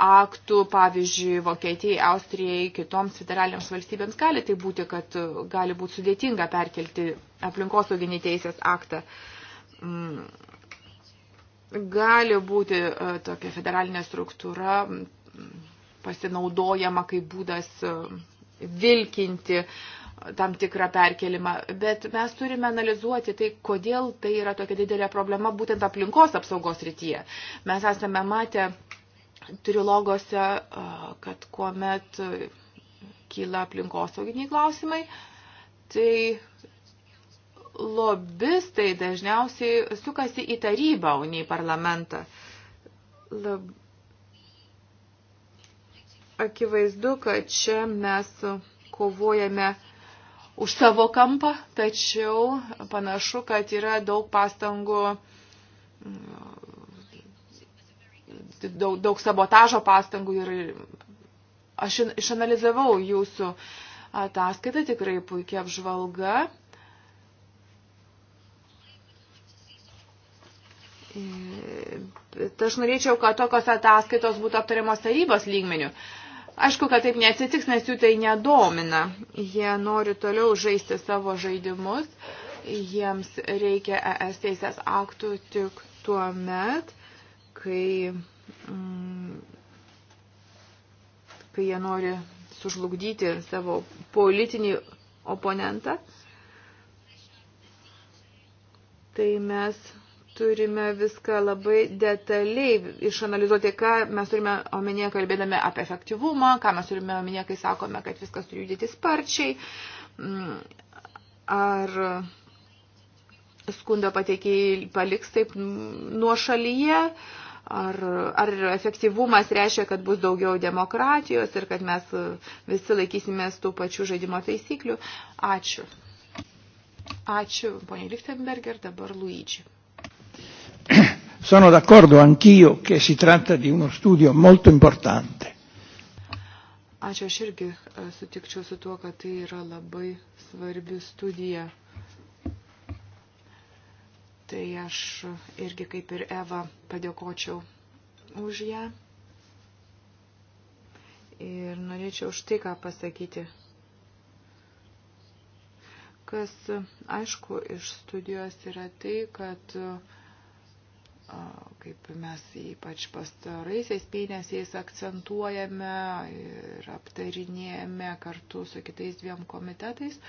S3: aktų, pavyzdžiui, Vokietijai, Austrijai, kitoms federaliniams valstybėms gali tai būti, kad gali būti sudėtinga perkelti aplinkosauginį teisės aktą. Mm gali būti e, tokia federalinė struktūra pasinaudojama kaip būdas e, vilkinti e, tam tikrą perkelimą, bet mes turime analizuoti tai, kodėl tai yra tokia didelė problema būtent aplinkos apsaugos rytyje. Mes esame matę trilogose, kad kuomet kyla aplinkosauginiai klausimai, tai lobistai dažniausiai sukasi į tarybą, o ne į parlamentą. Lab... Akivaizdu, kad čia mes kovojame už savo kampą, tačiau panašu, kad yra daug pastangų, daug, daug sabotažo pastangų ir aš išanalizavau jūsų ataskaitą, tikrai puikia apžvalga. Tai aš norėčiau, kad tokios ataskaitos būtų aptariamos tarybos lygmenių. Aišku, kad taip neatsitiks, nes jų tai nedomina. Jie nori toliau žaisti savo žaidimus. Jiems reikia ES teisės aktų tik tuo met, kai, mm, kai jie nori sužlugdyti savo politinį oponentą. Tai mes turime viską labai detaliai išanalizuoti, ką mes turime omenyje kalbėdami apie efektyvumą, ką mes turime omenyje, kai sakome, kad viskas turi judėti sparčiai. Mm, ar skundą pateikiai paliks taip nuo šalyje, ar, ar efektyvumas reiškia, kad bus daugiau demokratijos ir kad mes visi laikysimės tų pačių žaidimo taisyklių. Ačiū. Ačiū, ponė Lichtenberger, dabar Luidžiui. [clears throat] sono d'accordo anch'io che si tratta di uno studio molto importante. Ačiū, aš irgi e, sutikčiau su tuo, kad tai yra labai svarbi studija. Tai aš irgi kaip ir Eva padėkočiau už ją. Ir norėčiau už tai ką pasakyti. Kas aišku iš studijos yra tai, kad uh, kaip mes ypač pastaraisiais mėnesiais akcentuojame ir aptarinėjame kartu su kitais dviem komitetais.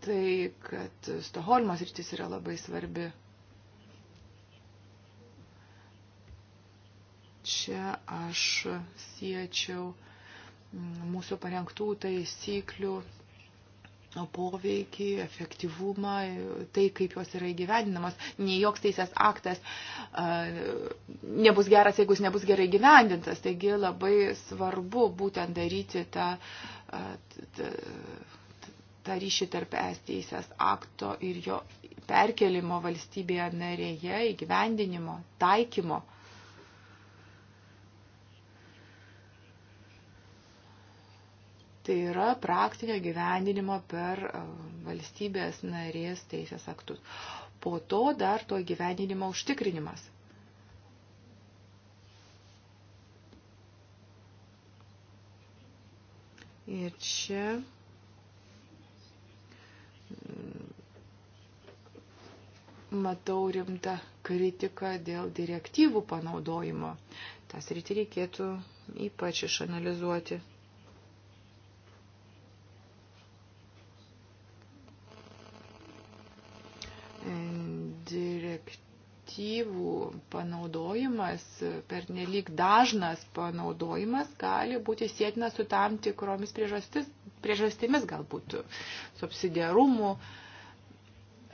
S3: Tai, kad Stoholmas rytis yra labai svarbi. Čia aš siečiau mūsų parengtų taisyklių poveikį, efektyvumą, tai kaip jos yra įgyvendinamas. Nei joks teisės aktas a, nebus geras, jeigu jis nebus gerai gyvendintas. Taigi labai svarbu būtent daryti tą, a, tą, tą ryšį tarp es teisės akto ir jo perkelimo valstybėje narėje, įgyvendinimo, taikymo. tai yra praktinio gyvendinimo per e, valstybės narės teisės aktus. Po to dar to gyvendinimo užtikrinimas. Ir čia mm, matau rimtą kritiką dėl direktyvų panaudojimo. Tas rytį reikėtų ypač išanalizuoti. aktyvų panaudojimas, per nelik dažnas panaudojimas gali būti sėtinas su tam tikromis priežastimis, galbūt subsidiarumu.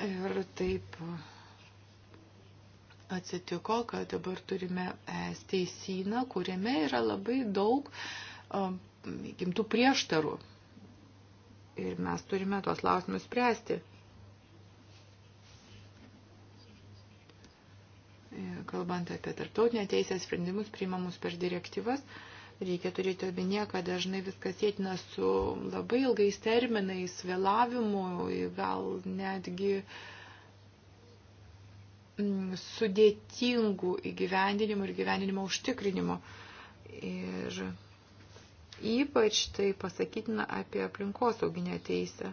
S3: Ir taip atsitiko, kad dabar turime es teisyną, kuriame yra labai daug gimtų prieštarų. Ir mes turime tuos lausimus spręsti. kalbant apie tarptautinę teisę sprendimus priimamus per direktyvas, reikia turėti omenyje, kad dažnai viskas sėtina su labai ilgais terminais, vėlavimu, gal netgi mm, sudėtingų įgyvendinimų ir gyvendinimo užtikrinimo. Ir ypač tai pasakytina apie aplinkosauginę teisę.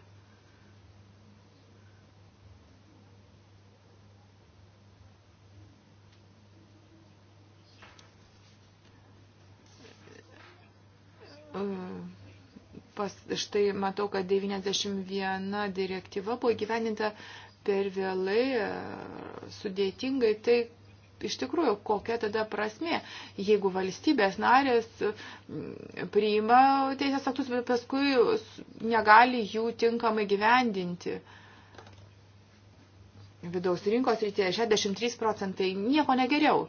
S3: pas, štai matau, kad 91 direktyva buvo gyveninta per vėlai, sudėtingai, tai iš tikrųjų, kokia tada prasmė, jeigu valstybės narės mm, priima teisės aktus, bet paskui negali jų tinkamai gyvendinti. Vidaus rinkos rytėje 63 procentai nieko negeriau.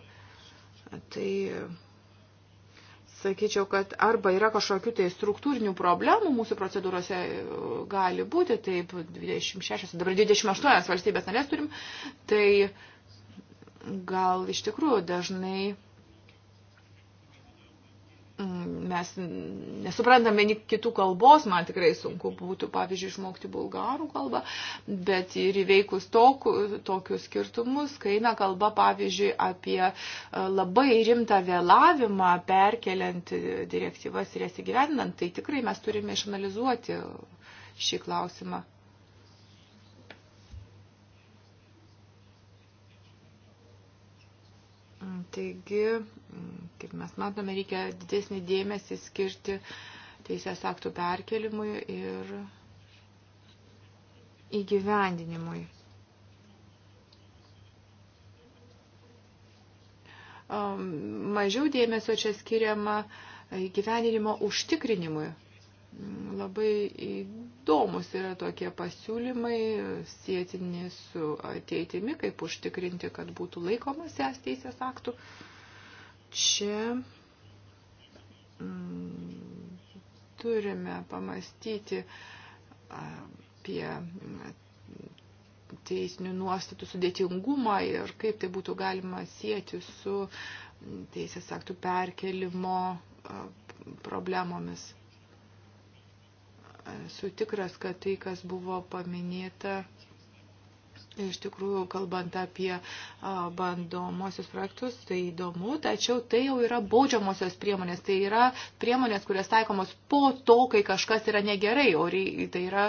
S3: Tai sakyčiau, kad arba yra kažkokių tai struktūrinių problemų mūsų procedūrose e, gali būti, taip 26, dabar 28 valstybės narės turim, tai gal iš tikrųjų dažnai Mm, mes nesuprantam vieni kitų kalbos, man tikrai sunku būtų, pavyzdžiui, išmokti bulgarų kalbą, bet ir įveikus tokiu, tokius skirtumus, kai eina kalba, pavyzdžiui, apie e, labai rimtą vėlavimą perkeliant direktyvas ir jas įgyvendinant, tai tikrai mes turime išanalizuoti šį klausimą. Taigi, mm, kaip mes matome, reikia didesnį dėmesį skirti teisės aktų perkelimui ir įgyvendinimui. Mažiau dėmesio čia skiriama gyvenimo užtikrinimui. Mm, labai įdomus yra tokie pasiūlymai sėtini su ateitimi, kaip užtikrinti, kad būtų laikomas es teisės aktų. Čia mm, turime pamastyti apie teisinių nuostatų sudėtingumą ir kaip tai būtų galima sieti su teisės aktų perkelimo problemomis esu tikras, kad tai, kas buvo paminėta, iš tikrųjų, kalbant apie bandomosius projektus, tai įdomu, tačiau tai jau yra baudžiamosios priemonės, tai yra priemonės, kurios taikomos po to, kai kažkas yra negerai, o tai yra,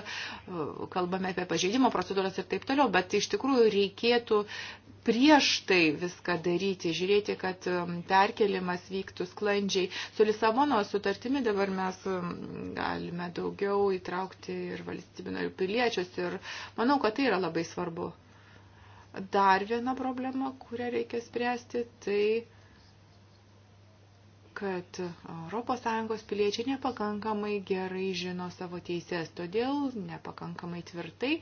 S3: kalbame apie pažeidimo procedūras ir taip toliau, bet iš tikrųjų reikėtų prieš tai viską daryti, žiūrėti, kad um, perkelimas vyktų sklandžiai. Su Lisabono sutartimi dabar mes um, galime daugiau įtraukti ir valstybinio ir piliečius ir manau, kad tai yra labai svarbu. Dar viena problema, kurią reikia spręsti, tai kad ES piliečiai nepakankamai gerai žino savo teises, todėl nepakankamai tvirtai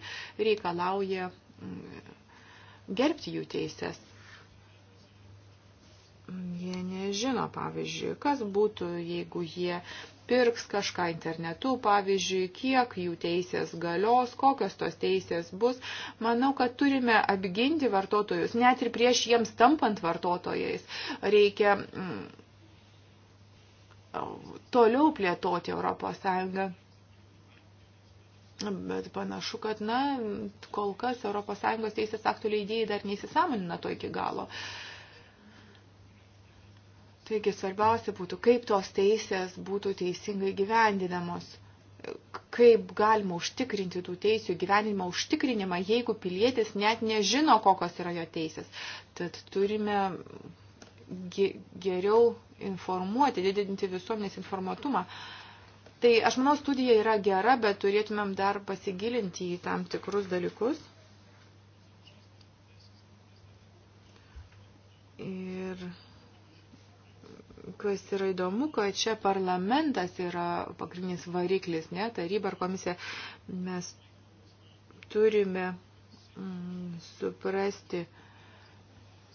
S3: reikalauja mm, gerbti jų teisės. Jie nežino, pavyzdžiui, kas būtų, jeigu jie pirks kažką internetu, pavyzdžiui, kiek jų teisės galios, kokios tos teisės bus. Manau, kad turime apginti vartotojus, net ir prieš jiems tampant vartotojais. Reikia mm, toliau plėtoti Europos Sąjungą. Bet panašu, kad, na, kol kas ES teisės aktų leidėjai dar neįsisamonina to iki galo. Taigi svarbiausia būtų, kaip tos teisės būtų teisingai gyvendinamos kaip galima užtikrinti tų teisių gyvenimą užtikrinimą, jeigu pilietis net nežino, kokios yra jo teisės. Tad turime geriau informuoti, didinti visuomenės informatumą. Uh, Tai aš manau, studija yra gera, bet turėtumėm dar pasigilinti į tam tikrus dalykus. Ir kas yra įdomu, kad čia parlamentas yra pagrindinis variklis, ne, taryba ar komisija. Mes turime mm, suprasti, mm,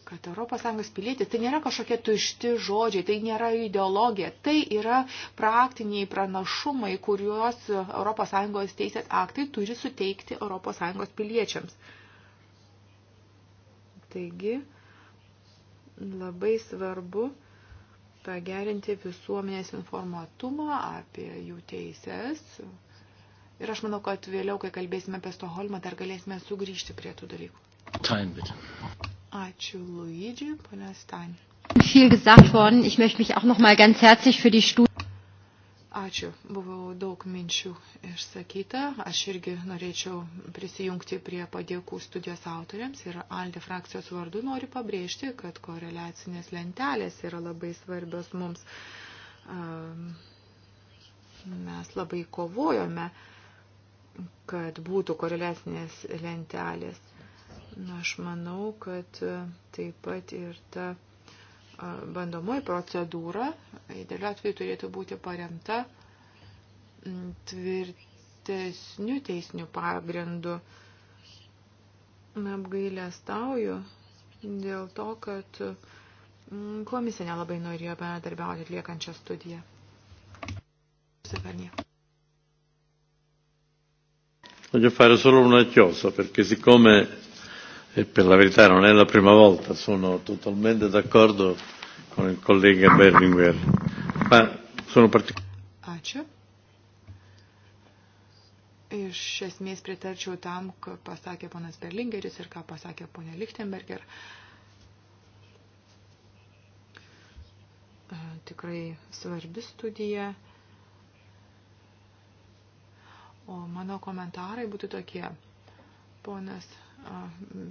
S3: kad ES pilietis tai nėra kažkokie tušti žodžiai, tai nėra ideologija, tai yra praktiniai pranašumai, kuriuos ES teisės aktai turi suteikti ES piliečiams. Taigi, labai svarbu pagerinti visuomenės informatumą apie jų teises. Ir aš manau, kad vėliau, kai kalbėsime apie Stoholmą, dar galėsime sugrįžti prie tų dalykų. Time, bet. Ačiū, Luigi, ponia Stan.
S1: Viel gesagt worden. Ich möchte mich auch noch mal ganz herzlich für die Studie.
S3: Ačiū, buvo daug minčių išsakyta. Aš irgi norėčiau prisijungti prie padėkų studijos autoriams ir Aldi frakcijos vardu noriu pabrėžti, kad koreliacinės lentelės yra labai svarbios mums. Mes labai kovojome, kad būtų koreliacinės lentelės Na, aš manau, kad e, taip pat ir ta e, bandomoji procedūra, idealiu atveju turėtų būti paremta tvirtesnių teisinių pagrindų. Apgailę stauju dėl to, kad komisija nelabai norėjo bendradarbiauti atliekančią studiją. Sipernie.
S1: Voglio fare solo una chiosa perché siccome e per la verità non è la prima volta, sono totalmente d'accordo con il collega Berlinguer. Ma sono partic-
S2: Ačiū.
S3: Iš esmės pritarčiau tam, ką pasakė ponas Berlingeris ir ką pasakė ponė Lichtenberger. E, tikrai svarbi studija. O mano komentarai būtų tokie. Ponas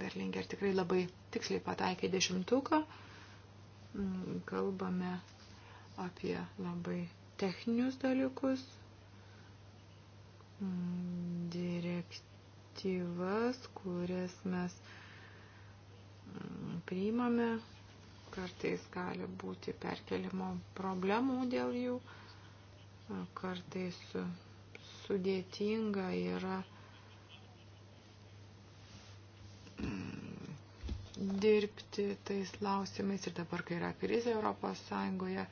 S3: Berlinger tikrai labai tiksliai pataikė dešimtuką. Mm, kalbame apie labai techninius dalykus, mm, direktyvas, kurias mes mm, priimame, kartais gali būti perkelimo problemų dėl jų, kartais sudėtinga yra dirbti tais klausimais ir dabar, kai yra krizė Europos Sąjungoje,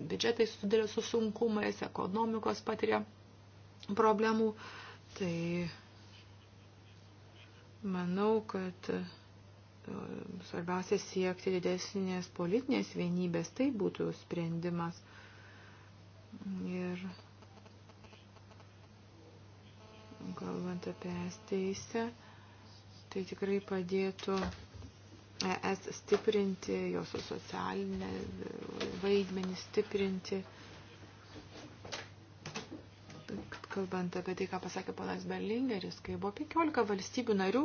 S3: biudžetai susidėlė su sunkumais, ekonomikos patiria problemų, tai manau, kad svarbiausia siekti didesnės politinės vienybės, tai būtų sprendimas. Ir kalbant apie teisę, Tai tikrai padėtų ES stiprinti, jos socialinę vaidmenį stiprinti. Kalbant apie tai, ką pasakė ponas Berlingeris, kai buvo 15 valstybių narių,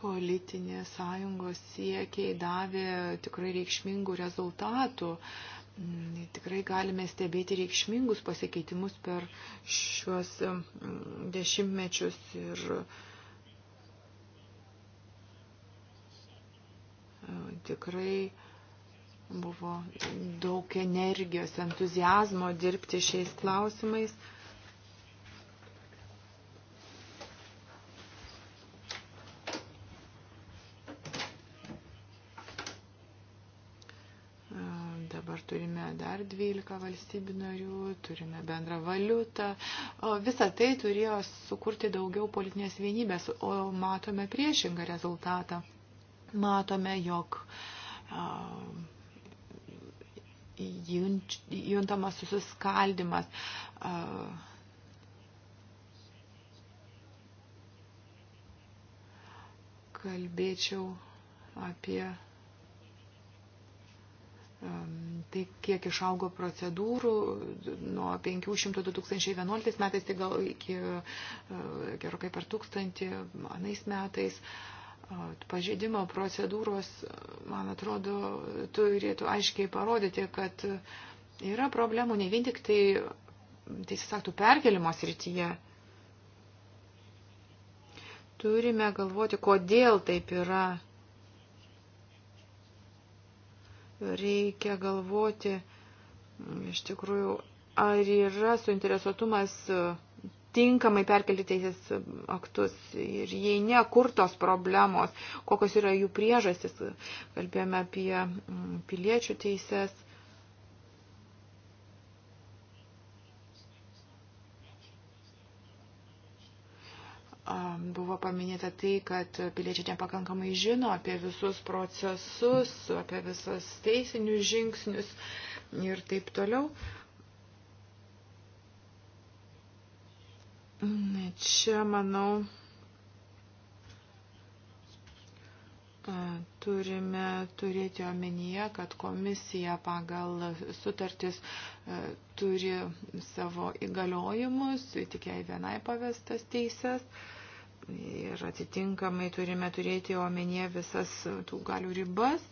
S3: politinės sąjungos siekiai davė tikrai reikšmingų rezultatų. Uh, Mm, tikrai galime stebėti reikšmingus pasikeitimus per šiuos mm, dešimtmečius ir mm, tikrai buvo daug energijos, entuzijazmo dirbti šiais klausimais. turime dar 12 valstybių narių, turime bendrą valiutą. Visą tai turėjo sukurti daugiau politinės vienybės, o matome priešingą rezultatą. Matome, jog juntamas susiskaldimas. Kalbėčiau apie tai kiek išaugo procedūrų nuo 500 2011 metais, tai gal iki e, gerokai per tūkstantį anais metais. Pažeidimo procedūros, man atrodo, turėtų aiškiai parodyti, kad yra problemų ne vien tik tai teisės aktų perkelimo srityje. Turime galvoti, kodėl taip yra reikia galvoti iš tikrųjų, ar yra suinteresuotumas e, tinkamai perkelti teisės aktus ir jei ne, kur tos problemos, kokios yra jų priežastis. Kalbėjome apie mm, piliečių teises Buvo paminėta tai, kad piliečiai nepakankamai žino apie visus procesus, apie visus teisinius žingsnius ir taip toliau. Čia, manau, turime turėti omenyje, kad komisija pagal sutartis turi savo įgaliojimus, tik jai vienai pavestas teises ir atitinkamai turime turėti omenyje visas tų galių ribas.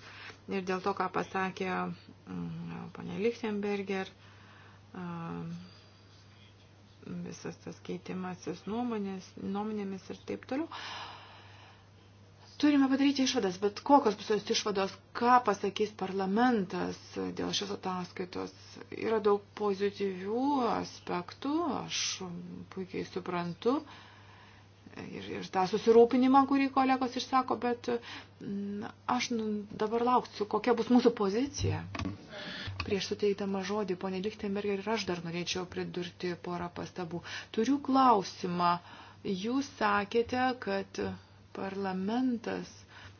S3: Ir dėl to, ką pasakė mm, ponė Lichtenberger, visas tas keitimasis nuomonės, nuomonėmis ir taip toliau. Turime padaryti išvadas, bet kokios bus tos išvados, ką pasakys parlamentas dėl šios ataskaitos. Yra daug pozityvių aspektų, aš puikiai suprantu. Uh, ir, ir tą susirūpinimą, kurį kolegos išsako, bet na, mm, aš nu, dabar lauksiu, kokia bus mūsų pozicija. Prieš suteikdama žodį, ponė Lichtenberger, ir aš dar norėčiau pridurti porą pastabų. Turiu klausimą. Jūs sakėte, kad parlamentas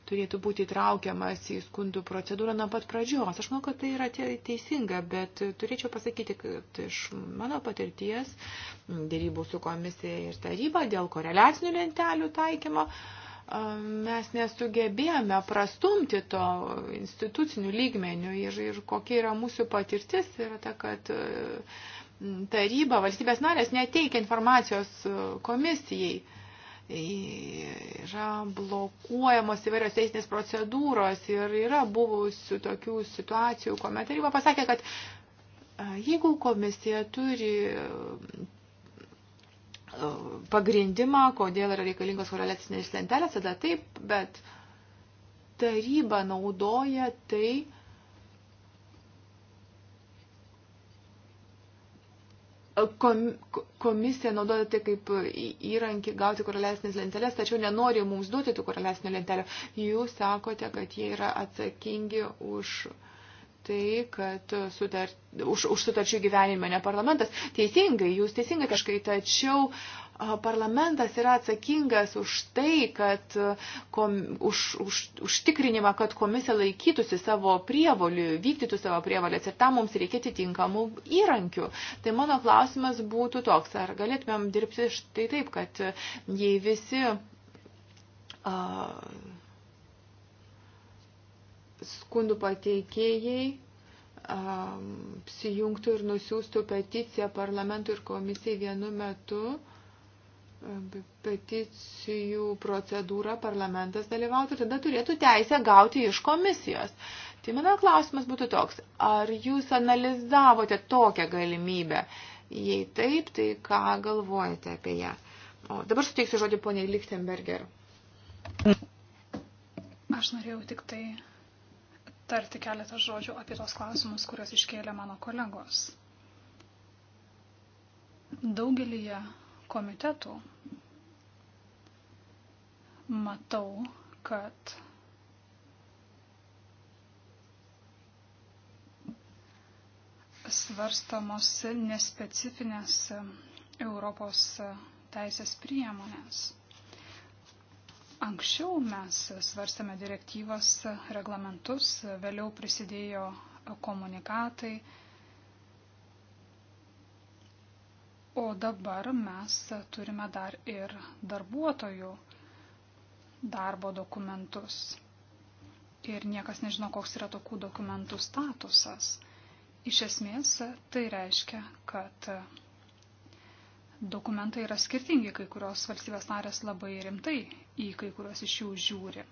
S3: turėtų būti įtraukiamas į skundų procedūrą nuo pat pradžios. Aš manau, kad tai yra teisinga, bet turėčiau pasakyti, kad iš mano patirties dėrybų su komisija ir taryba dėl koreliacinių lentelių taikymo mes nesugebėjome prastumti to institucinių lygmenių ir, ir kokia yra mūsų patirtis yra ta, kad taryba, valstybės narės neteikia informacijos komisijai yra blokuojamos įvairios teisinės procedūros ir yra buvusių tokių situacijų, kuomet taryba pasakė, kad e, jeigu komisija turi e, pagrindimą, kodėl yra reikalingos koreliacinės lentelės, tada taip, bet taryba naudoja tai, komisija naudoja tai kaip įrankį gauti koreliacinės lentelės, tačiau nenori mums duoti tų koreliacinių lentelę. Jūs sakote, kad jie yra atsakingi už tai, kad sutar, už, už sutarčių gyvenimą ne parlamentas. Teisingai, jūs teisingai kažkai, tačiau uh, parlamentas yra atsakingas už tai, kad kom, už, už, užtikrinimą, kad komisija laikytųsi savo prievolių, vykdytų savo prievolės ir tam mums reikia atitinkamų įrankių. Tai mano klausimas būtų toks, ar galėtumėm dirbti štai taip, kad jei visi. Uh, skundų pateikėjai um, uh, sijungtų ir nusiųstų peticiją parlamentui ir komisijai vienu metu, uh, peticijų procedūrą parlamentas dalyvautų ir tada turėtų teisę gauti iš komisijos. Tai mano klausimas būtų toks, ar jūs analizavote tokią galimybę? Jei taip, tai ką galvojate apie ją? O dabar suteiksiu žodį poniai Lichtenberger.
S2: Aš norėjau tik tai tarti keletą žodžių apie tos klausimus, kuriuos iškėlė mano kolegos. Daugelyje komitetų matau, kad svarstamos nespecifinės Europos teisės priemonės. Anksčiau mes svarstame direktyvas, reglamentus, vėliau prisidėjo komunikatai, O dabar mes turime dar ir darbuotojų darbo dokumentus. Ir niekas nežino, koks yra tokių dokumentų statusas. Iš esmės, tai reiškia, kad dokumentai yra skirtingi, kai kurios valstybės narės labai rimtai į kai kurios iš jų žiūri.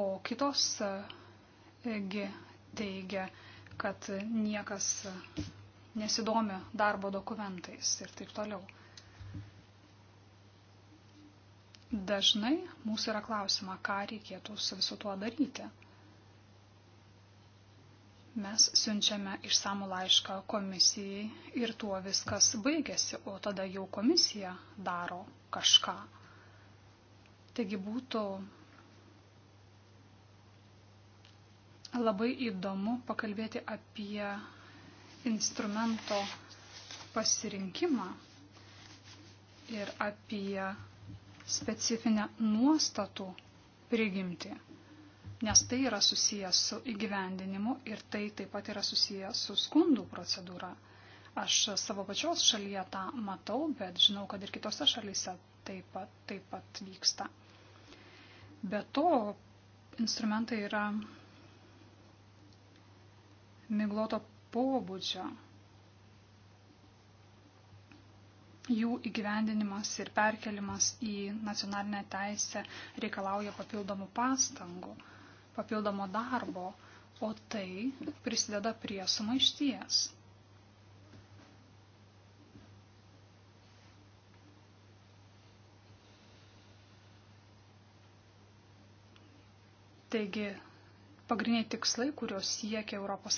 S2: O kitos gi teigia, kad niekas nesidomi darbo dokumentais ir taip toliau. Dažnai mūsų yra klausima, ką reikėtų su visu tuo daryti. Mes siunčiame išsamų laišką komisijai ir tuo viskas baigėsi, o tada jau komisija daro kažką. Taigi būtų labai įdomu pakalbėti apie instrumento pasirinkimą ir apie specifinę nuostatų prigimtį, nes tai yra susijęs su įgyvendinimu ir tai taip pat yra susijęs su skundų procedūra. Aš savo pačios šalyje tą matau, bet žinau, kad ir kitose šalyse taip pat, taip pat vyksta. Be to, instrumentai yra migloto pobūdžio. Jų įgyvendinimas ir perkelimas į nacionalinę teisę reikalauja papildomų pastangų, papildomo darbo, o tai prisideda prie sumaišties. Taigi pagrindiniai tikslai, kuriuos siekia ES,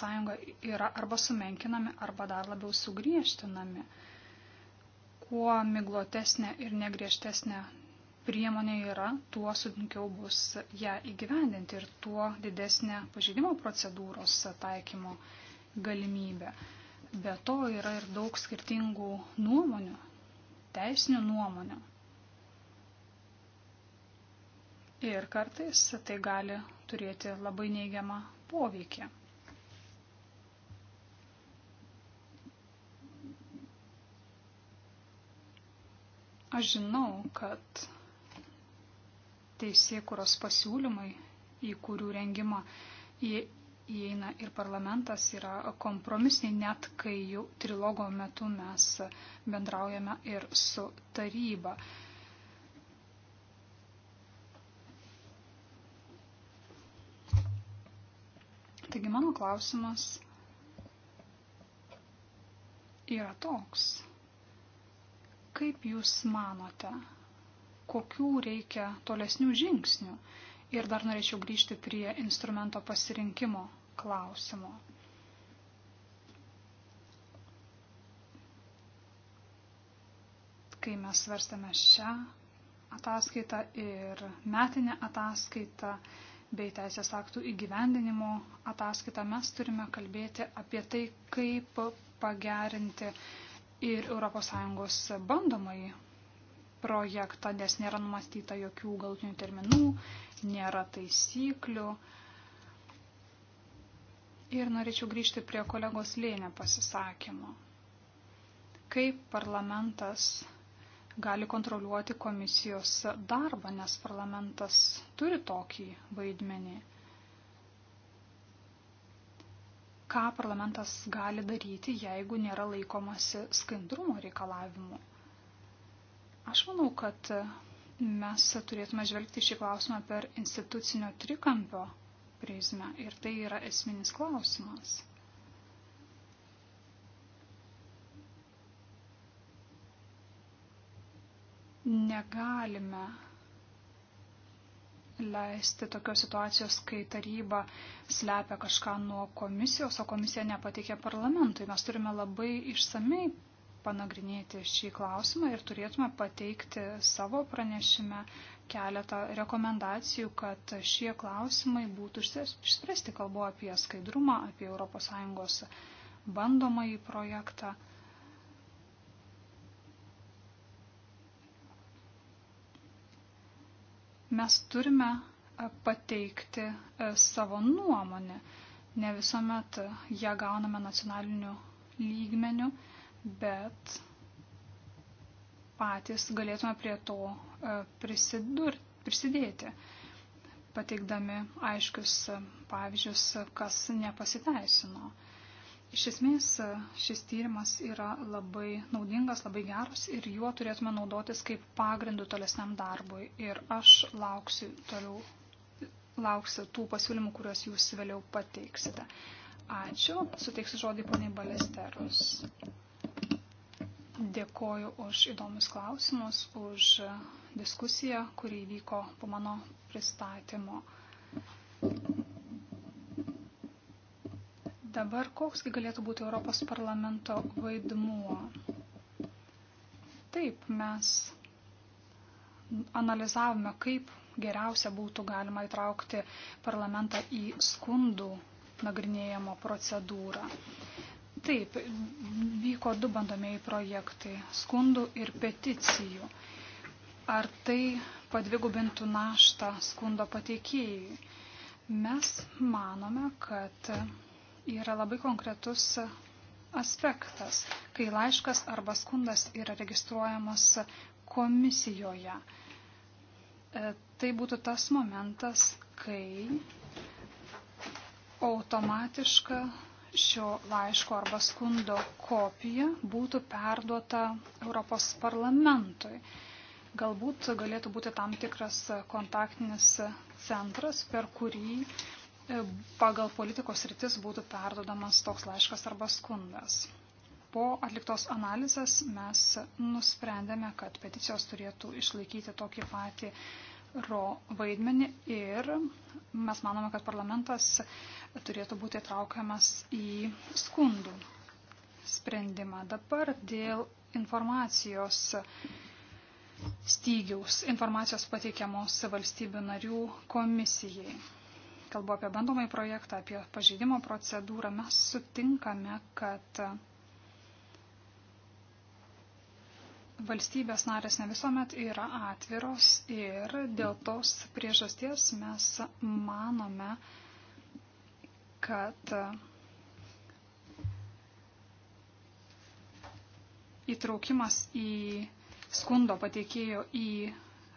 S2: yra arba sumenkinami, arba dar labiau sugriežtinami. Kuo miglotesnė ir negriežtesnė priemonė yra, tuo sunkiau bus ją įgyvendinti ir tuo didesnė pažydimo procedūros taikymo galimybė. Be to yra ir daug skirtingų nuomonių, teisinių nuomonių ir kartais tai gali turėti labai neigiamą poveikį. Aš žinau, kad teisėkuros pasiūlymai, į kurių rengimą įeina ir parlamentas, yra kompromisiniai, net kai jau trilogo metu mes bendraujame ir su taryba. Taigi mano klausimas yra toks. Kaip Jūs manote, kokių reikia tolesnių žingsnių? Ir dar norėčiau grįžti prie instrumento pasirinkimo klausimo. Kai mes svarstame šią ataskaitą ir metinę ataskaitą, bei teisės aktų įgyvendinimo ataskaitą mes turime kalbėti apie tai, kaip pagerinti ir ES bandomai projektą, nes nėra numastyta jokių galtinių terminų, nėra taisyklių. Ir norėčiau grįžti prie kolegos Lėnė pasisakymo. Kaip parlamentas gali kontroliuoti komisijos darbą, nes parlamentas turi tokį vaidmenį. Ką parlamentas gali daryti, jeigu nėra laikomasi skaidrumo reikalavimų? Aš manau, kad mes turėtume žvelgti šį klausimą per institucinio trikampio prizmę ir tai yra esminis klausimas. Negalime leisti tokios situacijos, kai taryba slepia kažką nuo komisijos, o komisija nepateikia parlamentui. Mes turime labai išsamei panagrinėti šį klausimą ir turėtume pateikti savo pranešime keletą rekomendacijų, kad šie klausimai būtų išspręsti. Kalbu apie skaidrumą, apie ES bandomąjį projektą. mes turime e, pateikti e, savo nuomonę. Ne visuomet e, ją gauname nacionaliniu lygmeniu, bet patys galėtume prie to prisidur, prisidėti, pateikdami aiškius pavyzdžius, kas nepasiteisino. Iš esmės šis tyrimas yra labai naudingas, labai geras ir juo turėtume naudotis kaip pagrindu tolesniam darbui. Ir aš lauksiu toliau, lauksiu tų pasiūlymų, kuriuos jūs vėliau pateiksite. Ačiū, suteiksiu žodį poniai Balesterus. Dėkoju už įdomius klausimus, už diskusiją, kuri įvyko po mano pristatymo. Dabar koksgi galėtų būti Europos parlamento vaidmuo? Taip, mes analizavome, kaip geriausia būtų galima įtraukti parlamentą į skundų nagrinėjimo procedūrą. Taip, vyko du bandomieji projektai - skundų ir peticijų. Ar tai padvigubintų naštą skundo pateikėjui? Mes manome, kad yra labai konkretus aspektas, kai laiškas arba skundas yra registruojamas komisijoje. E, tai būtų tas momentas, kai automatiška šio laiško arba skundo kopija būtų perduota Europos parlamentui. Galbūt galėtų būti tam tikras kontaktinis centras, per kurį E, pagal politikos rytis būtų perdodamas toks laiškas arba skundas. Po atliktos analizės mes nusprendėme, kad peticijos turėtų išlaikyti tokį patį ro vaidmenį ir mes manome, kad parlamentas turėtų būti įtraukiamas į skundų sprendimą. Dabar dėl informacijos stygiaus, informacijos pateikiamos valstybių narių komisijai kalbu apie bandomąjį projektą, apie pažeidimo procedūrą, mes sutinkame, kad valstybės narės ne visuomet yra atviros ir dėl tos priežasties mes manome, kad įtraukimas į skundo pateikėjo į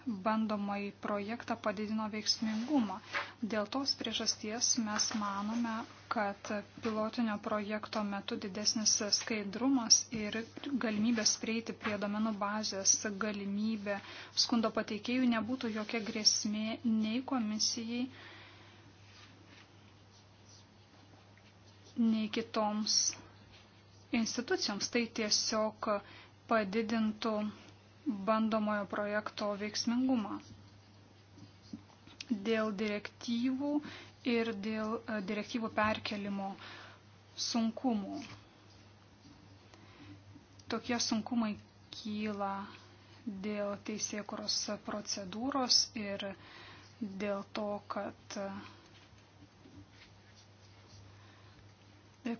S2: bandomai projektą padidino veiksmingumą. Dėl tos priežasties mes manome, kad pilotinio projekto metu didesnis skaidrumas ir galimybės prieiti prie domenų bazės galimybė skundo pateikėjų nebūtų jokia grėsmė nei komisijai, nei kitoms institucijoms. Tai tiesiog padidintų bandomojo projekto veiksmingumą. Dėl direktyvų ir dėl e, direktyvų perkelimo sunkumų. Tokie sunkumai kyla dėl teisėkuros procedūros ir dėl to, kad e,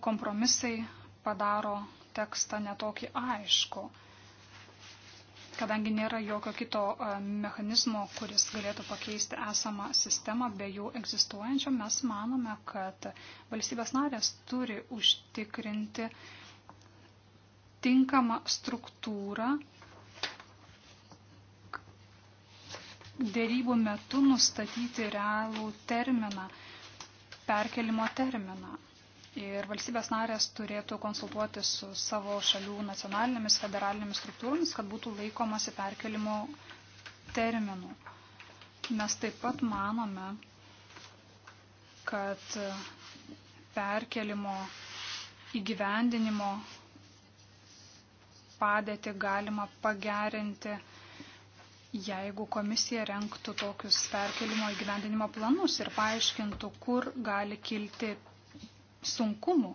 S2: kompromisai padaro tekstą netokį aišku kadangi nėra jokio kito e, mechanizmo, kuris galėtų pakeisti esamą sistemą be jų egzistuojančio, mes manome, kad valstybės narės turi užtikrinti tinkamą struktūrą dėrybų metu nustatyti realų terminą, perkelimo terminą. Ir valstybės narės turėtų konsultuoti su savo šalių nacionalinėmis federalinėmis struktūromis, kad būtų laikomasi perkelimo terminų. Mes taip pat manome, kad perkelimo įgyvendinimo padėtį galima pagerinti, jeigu komisija renktų tokius perkelimo įgyvendinimo planus ir paaiškintų, kur gali kilti sunkumų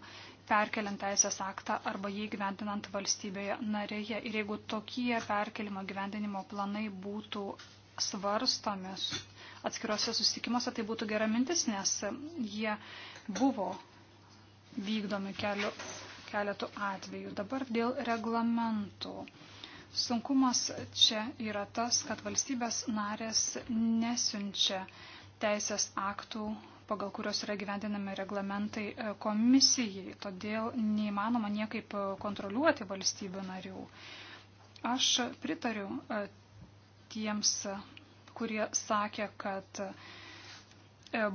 S2: perkeliant teisės aktą arba jį gyvendinant valstybėje narėje. Ir jeigu tokie perkelimo gyvendinimo planai būtų svarstomi atskiruose susitikimuose, tai būtų gera mintis, nes jie buvo vykdomi keliu, keletų atvejų. Dabar dėl reglamentų. Sunkumas čia yra tas, kad valstybės narės nesiunčia teisės aktų pagal kurios yra gyvendinami reglamentai e, komisijai, todėl neįmanoma niekaip e, kontroliuoti valstybių narių. Aš pritariu e, tiems, kurie sakė, kad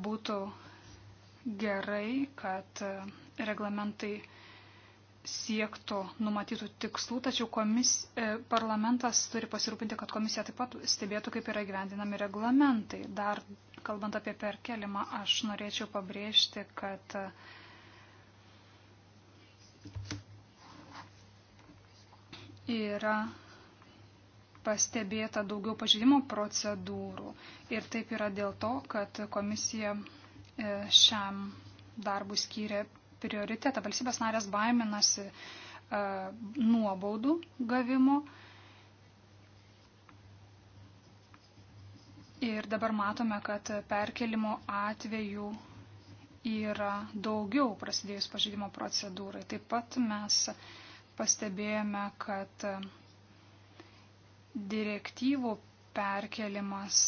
S2: būtų gerai, kad reglamentai siektų numatytų tikslų, tačiau komis, e, parlamentas turi pasirūpinti, kad komisija taip pat stebėtų, kaip yra gyvendinami reglamentai. Dar Kalbant apie perkelimą, aš norėčiau pabrėžti, kad yra pastebėta daugiau pažydimo procedūrų. Ir taip yra dėl to, kad komisija e, šiam darbui skyrė prioritetą. Valstybės narės baiminasi e, nuobaudų gavimo. Ir dabar matome, kad perkelimo atvejų yra daugiau prasidėjus pažydimo procedūrai. Taip pat mes pastebėjome, kad direktyvų perkelimas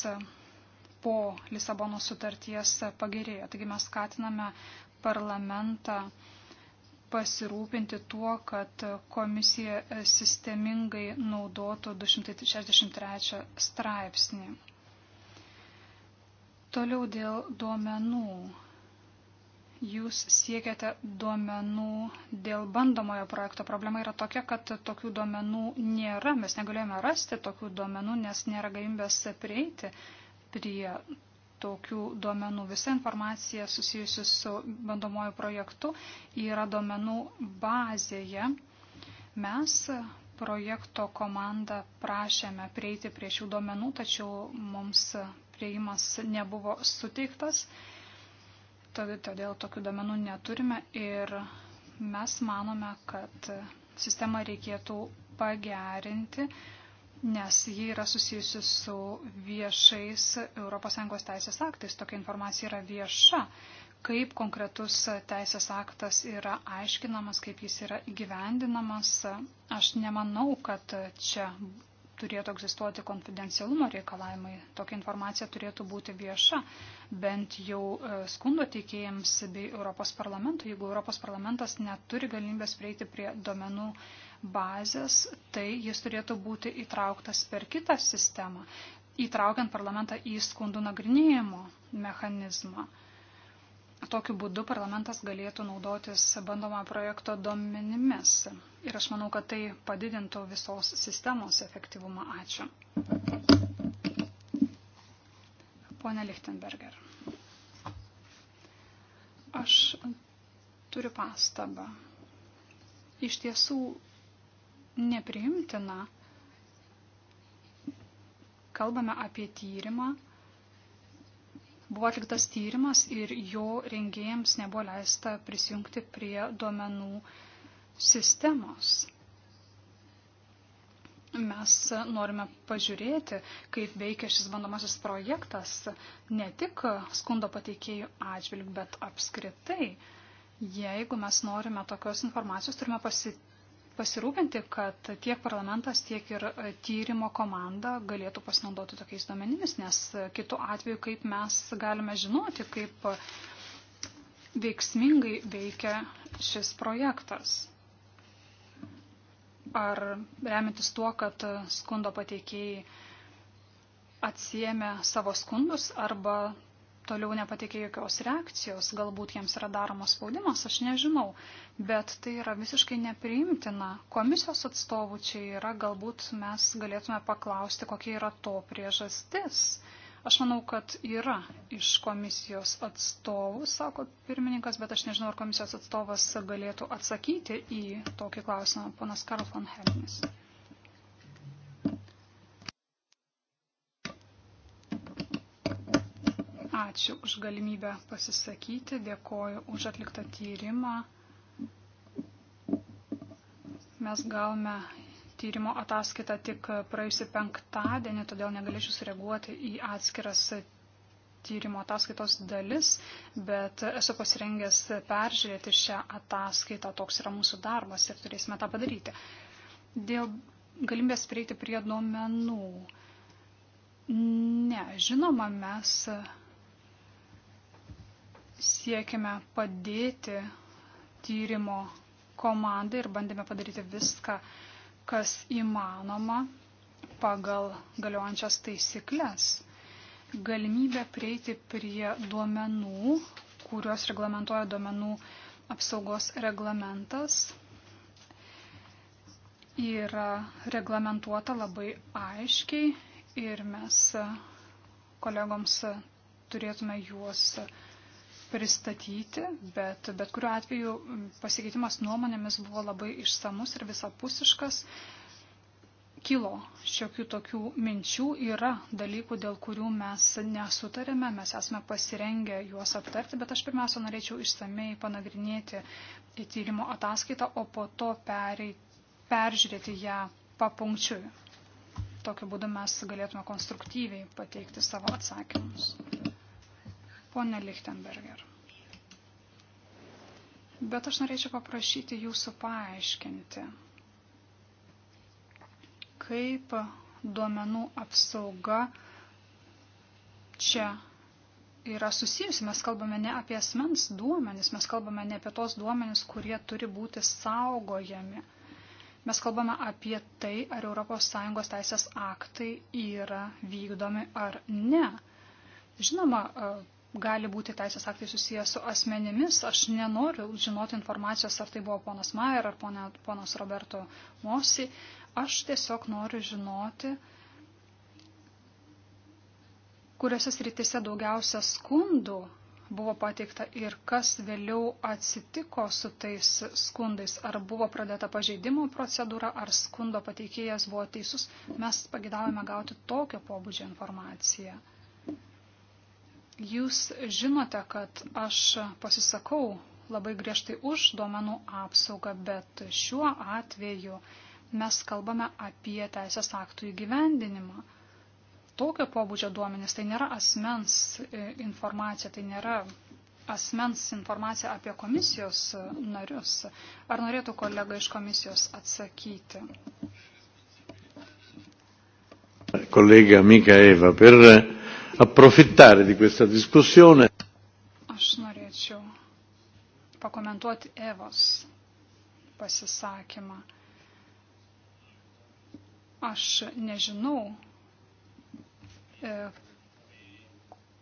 S2: po Lisabono sutarties pagerėjo. Taigi mes skatiname parlamentą pasirūpinti tuo, kad komisija sistemingai naudotų 263 straipsnį. Toliau dėl duomenų. Jūs siekiate duomenų dėl bandomojo projekto. Problema yra tokia, kad tokių duomenų nėra. Mes negalėjome rasti tokių duomenų, nes nėra galimybės prieiti prie tokių duomenų. Visa informacija susijusi su bandomojo projektu yra duomenų bazėje. Mes projekto komandą prašėme prieiti prie šių duomenų, tačiau mums prieimas nebuvo suteiktas, todėl tokių domenų neturime ir mes manome, kad sistemą reikėtų pagerinti, nes ji yra susijusi su viešais ES teisės aktais. Tokia informacija yra vieša, kaip konkretus teisės aktas yra aiškinamas, kaip jis yra įgyvendinamas. Aš nemanau, kad čia turėtų egzistuoti konfidencialumo reikalavimai. Tokia informacija turėtų būti vieša, bent jau e, skundo teikėjams bei Europos parlamentui. Jeigu Europos parlamentas neturi galimybės prieiti prie domenų bazės, tai jis turėtų būti įtrauktas per kitą sistemą, įtraukiant parlamentą į skundų nagrinėjimo mechanizmą. Tokiu būdu parlamentas galėtų naudotis bandomą projekto domenimis. Ir aš manau, kad tai padidintų visos sistemos efektyvumą. Ačiū. Pone Lichtenberger. Aš turiu pastabą. Iš tiesų nepriimtina. Kalbame apie tyrimą Buvo atliktas tyrimas ir jo rengėjams nebuvo leista prisijungti prie duomenų sistemos. Mes norime pažiūrėti, kaip veikia šis bandomasis projektas ne tik skundo pateikėjų atžvilgių, bet apskritai. Jeigu mes norime tokios informacijos, turime pasitikti pasirūpinti, kad tiek parlamentas, tiek ir e, tyrimo komanda galėtų pasinaudoti tokiais duomenimis, nes e, kitu atveju, kaip mes galime žinoti, kaip e, veiksmingai veikia šis projektas. Ar remintis tuo, kad skundo pateikėjai atsiemė savo skundus arba toliau nepatikė jokios reakcijos, galbūt jiems yra daromas spaudimas, aš nežinau, bet tai yra visiškai nepriimtina. Komisijos atstovų čia yra, galbūt mes galėtume paklausti, kokia yra to priežastis. Aš manau, kad yra iš komisijos atstovų, sako pirmininkas, bet aš nežinau, ar komisijos atstovas galėtų atsakyti į tokį klausimą, ponas Karl von Helmis. Ačiū už galimybę pasisakyti, dėkoju už atliktą tyrimą. Mes gavome tyrimo ataskaitą tik praėjusį penktadienį, todėl negalėčiau sureaguoti į atskiras tyrimo ataskaitos dalis, bet esu pasirengęs peržiūrėti šią ataskaitą, toks yra mūsų darbas ir turėsime tą padaryti. Dėl galimybės prieiti prie duomenų. Ne, žinoma, mes siekime padėti tyrimo komandai ir bandėme padaryti viską, kas įmanoma pagal galiojančias taisyklės. Galimybė prieiti prie duomenų, kuriuos reglamentoja duomenų apsaugos reglamentas, yra reglamentuota labai aiškiai ir mes kolegoms turėtume juos pristatyti, bet bet kuriuo atveju pasikeitimas nuomonėmis buvo labai išsamus ir visapusiškas. Kilo šiokių tokių minčių, yra dalykų, dėl kurių mes nesutarėme, mes esame pasirengę juos aptarti, bet aš pirmiausia norėčiau išsamei panagrinėti tyrimo ataskaitą, o po to perei, peržiūrėti ją papunkčiui. Tokiu būdu mes galėtume konstruktyviai pateikti savo atsakymus. Pone Lichtenberger. Bet aš norėčiau paprašyti jūsų paaiškinti, kaip duomenų apsauga čia yra susijusi. Mes kalbame ne apie asmens duomenis, mes kalbame ne apie tos duomenis, kurie turi būti saugojami. Mes kalbame apie tai, ar ES teisės aktai yra vykdomi ar ne. Žinoma, gali būti teisės aktai susijęs su asmenimis. Aš nenoriu žinoti informacijos, ar tai buvo ponas Maier ar pona, ponas Roberto Mosi. Aš tiesiog noriu žinoti, kuriuose sritise daugiausia skundų buvo pateikta ir kas vėliau atsitiko su tais skundais, ar buvo pradėta pažeidimo procedūra, ar skundo pateikėjas buvo teisus, mes pagidavome gauti tokio pobūdžio informaciją. Jūs žinote, kad aš pasisakau labai griežtai už duomenų apsaugą, bet šiuo atveju mes kalbame apie teisės aktų įgyvendinimą. Tokio pobūdžio duomenys tai nėra asmens e, informacija, tai nėra asmens informacija apie komisijos narius. Ar norėtų kolega iš komisijos atsakyti?
S1: Kolega Mikaeva, per approfittare di questa
S3: discussione.
S2: Aš norėčiau pakomentuoti Evos pasisakymą. Aš nežinau, e,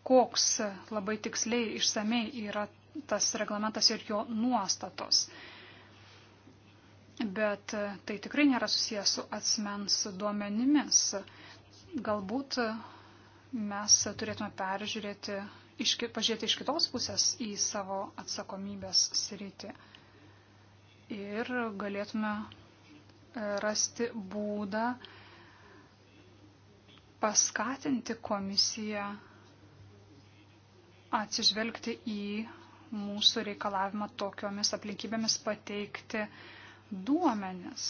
S2: koks labai tiksliai išsamei yra tas reglamentas ir jo nuostatos. Bet e, tai tikrai nėra susijęs su asmens duomenimis. Galbūt mes turėtume peržiūrėti, iš, pažiūrėti iš kitos pusės į savo atsakomybės sritį ir galėtume e, rasti būdą paskatinti komisiją atsižvelgti į mūsų reikalavimą tokiomis aplinkybėmis pateikti duomenis.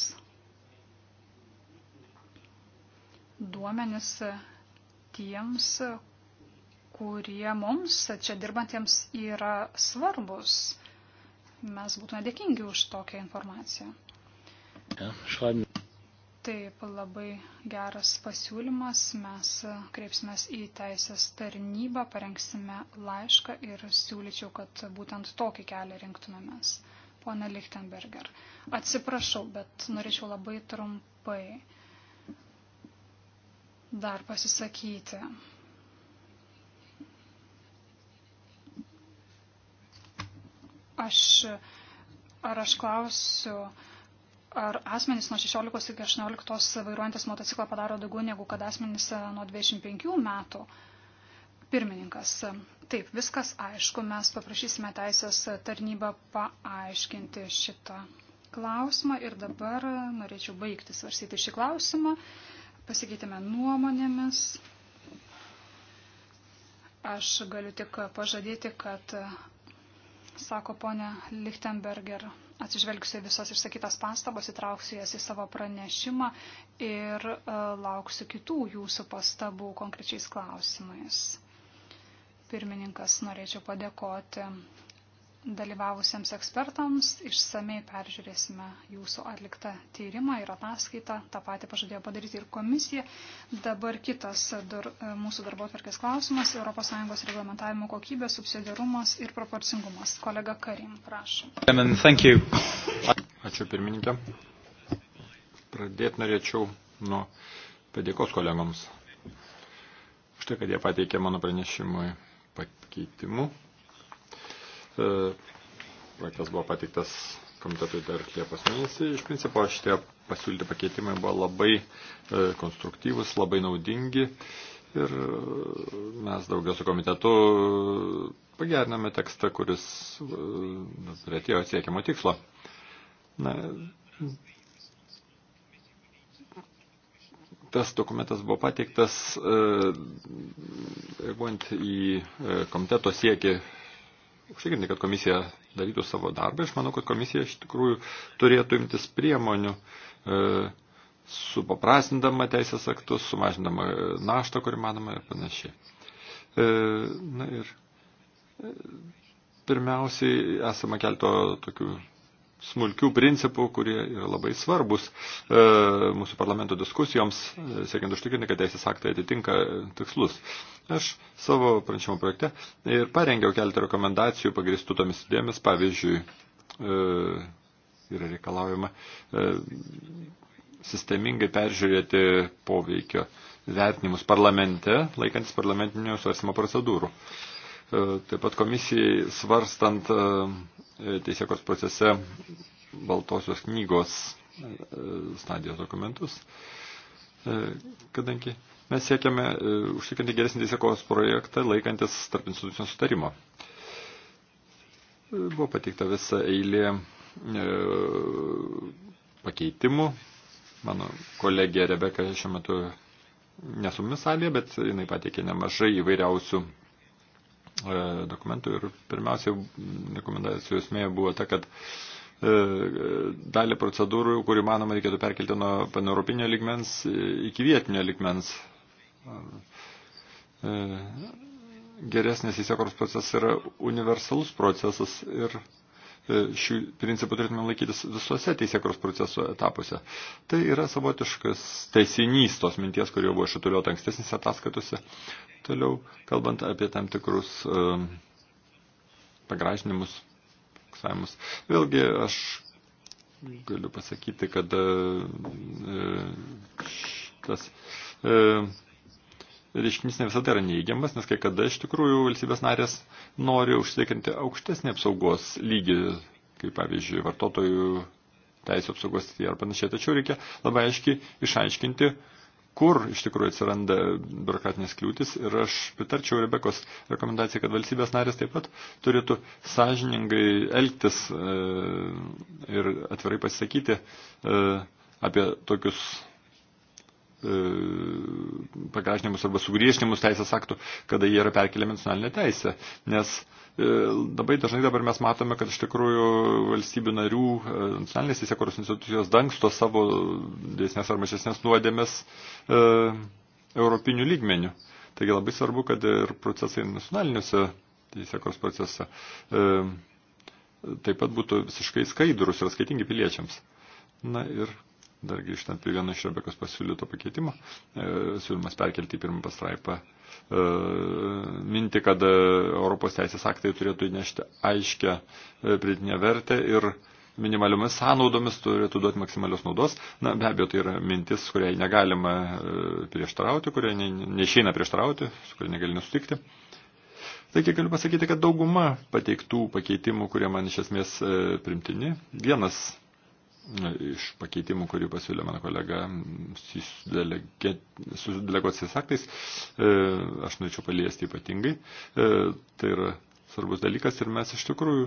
S2: Duomenis tiems, kurie mums čia dirbantiems yra svarbus. Mes būtume dėkingi už tokią informaciją.
S1: Ja, šlaim.
S2: Taip, labai geras pasiūlymas. Mes kreipsimės į teisės tarnybą, parengsime laišką ir siūlyčiau, kad būtent tokį kelią rinktumėmės. Pone Lichtenberger, atsiprašau, bet norėčiau labai trumpai dar pasisakyti. Aš, ar aš klausiu, ar asmenys nuo 16 iki 18 vairuojantis motociklą padaro daugiau negu kad asmenys e, nuo 25 metų? Pirmininkas. Taip, viskas aišku, mes paprašysime teisės tarnybą paaiškinti šitą klausimą ir dabar norėčiau baigti svarstyti šį klausimą pasikeitėme nuomonėmis. Aš galiu tik pažadėti, kad, sako ponia Lichtenberger, atsižvelgsiu visas išsakytas pastabas, įtrauksiu jas į savo pranešimą ir e, lauksiu kitų jūsų pastabų konkrečiais klausimais. Pirmininkas, norėčiau padėkoti dalyvavusiems ekspertams. Išsamei peržiūrėsime jūsų atliktą tyrimą ir ataskaitą. Ta pati pažadėjo padaryti ir komisija. Dabar kitas dar, e, mūsų darbo atvarkės klausimas - ES reglamentavimo kokybė, subsidiarumas ir proporcingumas. Kolega Karim, prašom.
S1: Ačiū pirmininkė. Pradėti norėčiau nuo padėkos kolegoms. Štai, kad jie pateikė mano pranešimui pakeitimų Projektas buvo pateiktas komitetui dar Liepos mėnesį. Iš principo šitie pasiūlyti pakeitimai buvo labai e, konstruktyvus, labai naudingi ir e, mes daugiau su komitetu e, pagername tekstą, kuris turėtėjo siekiamo tikslo. Na, tas dokumentas buvo pateiktas, reaguojant į komiteto siekį užtikrinti, kad komisija darytų savo darbą. Aš manau, kad komisija iš tikrųjų turėtų imtis priemonių e, supaprastindama teisės aktus, sumažindama naštą, kurį manoma ir panašiai. E, na ir e, pirmiausiai esama kelto tokių smulkių principų, kurie yra labai svarbus e, mūsų parlamento diskusijoms, e, siekiant užtikrinti, kad teisės aktai atitinka tikslus. Aš savo pranešimo projekte ir parengiau keletą rekomendacijų pagristų tomis idėjomis, pavyzdžiui, e, yra reikalaujama e, sistemingai peržiūrėti poveikio vertinimus parlamente, laikantis parlamentinių svarstymo procedūrų. E, E, taip pat komisijai svarstant e, teisėkos procese Baltosios knygos e, stadijos dokumentus, kadangi mes siekiame užtikrinti geresnį teisėkos projektą laikantis tarp institucijų sutarimo. Buvo pateikta visa eilė pakeitimų. Mano kolegė Rebeka šiuo metu nesu mumis salėje, bet jinai pateikė nemažai įvairiausių E, dokumentų ir pirmiausia rekomendacijų esmė buvo ta, kad e, dalį procedūrų, kurį manoma reikėtų perkelti nuo paneuropinio ligmens iki vietinio ligmens. E, Geresnės įsiekros procesas yra universalus procesas ir šių principų turėtume laikytis visuose teisėkros proceso etapuose. Tai yra savotiškas teisinys tos minties, kurio buvo šituliuota ankstesnėse ataskaitose. Toliau, kalbant apie tam tikrus um, pagražinimus, fiksavimus, vėlgi aš galiu pasakyti, kad e, e, tas e, reiškinys ne visada yra neįgiamas, nes kai kada iš tikrųjų valstybės narės nori užsiekinti aukštesnį apsaugos lygį, kaip pavyzdžiui, vartotojų teisų apsaugos ar panašiai. Tačiau reikia labai aiškiai išaiškinti, kur iš tikrųjų atsiranda biurokratinės kliūtis. Ir aš pritarčiau Rebekos rekomendacijai, kad valstybės narės taip pat turėtų sąžiningai elgtis e, ir atvirai pasisakyti e, apie tokius E, pagražinimus arba sugriežtinimus teisės aktų, kada jie yra perkeliami nacionalinė teisė. Nes e, labai dažnai dabar mes matome, kad iš tikrųjų valstybių narių e, nacionalinės teisėkuros institucijos dangsto savo dėsnės ar mažesnės nuodėmės e, europinių lygmenių. Taigi labai svarbu, kad ir procesai nacionaliniuose teisėkuros procese e, taip pat būtų visiškai skaidrus ir skaitingi piliečiams. Na ir Dar grįžtant prie vieno iš Rebekos pasiūlyto pakeitimo, e, siūlymas perkelti į pirmą pastraipą e, minti, kad e, Europos teisės aktai turėtų įnešti aiškę pridinę vertę ir minimaliomis sąnaudomis turėtų duoti maksimalios naudos. Na, be abejo, tai yra mintis, kuriai negalima prieštarauti, kuriai ne, neišeina prieštarauti, su kuria negali nesutikti. Taigi galiu pasakyti, kad dauguma pateiktų pakeitimų, kurie man iš esmės primtini, vienas iš pakeitimų, kurių pasiūlė mano kolega su delegacijos aktais, e, aš norėčiau paliesti ypatingai. E, tai yra svarbus dalykas ir mes iš tikrųjų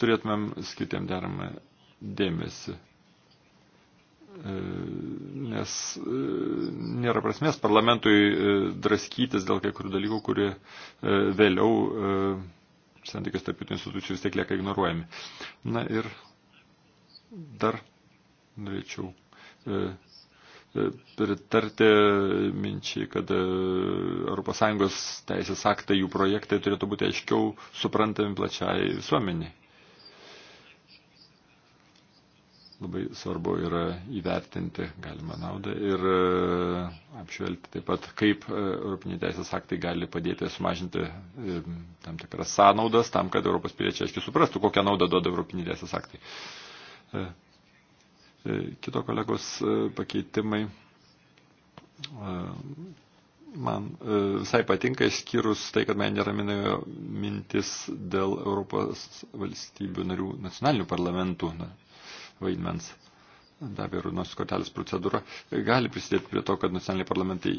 S1: turėtumėm skirtiem deramą dėmesį. E, nes nėra prasmės parlamentui draskytis dėl kai kurių dalykų, kurie vėliau santykius tarp institucijų vis tiek lieka ignoruojami. Na ir Dar norėčiau e, e, pritarti minčiai, kad ES teisės aktai, jų projektai turėtų būti aiškiau suprantami plačiai visuomeniai. Labai svarbu yra įvertinti galimą naudą ir e, apšvelgti taip pat, kaip Europiniai teisės aktai gali padėti sumažinti tam tikras sąnaudas, tam, kad Europos piliečiai aiškiai suprastų, kokią naudą duoda Europiniai teisės aktai. Uh, E, e, kito kolegos e, pakeitimai man visai patinka, išskyrus tai, kad man neraminėjo mintis dėl Europos valstybių narių nacionalinių parlamentų na, vaidmens be abejo, rūdinos kortelės procedūra gali prisidėti prie to, kad nacionaliniai parlamentai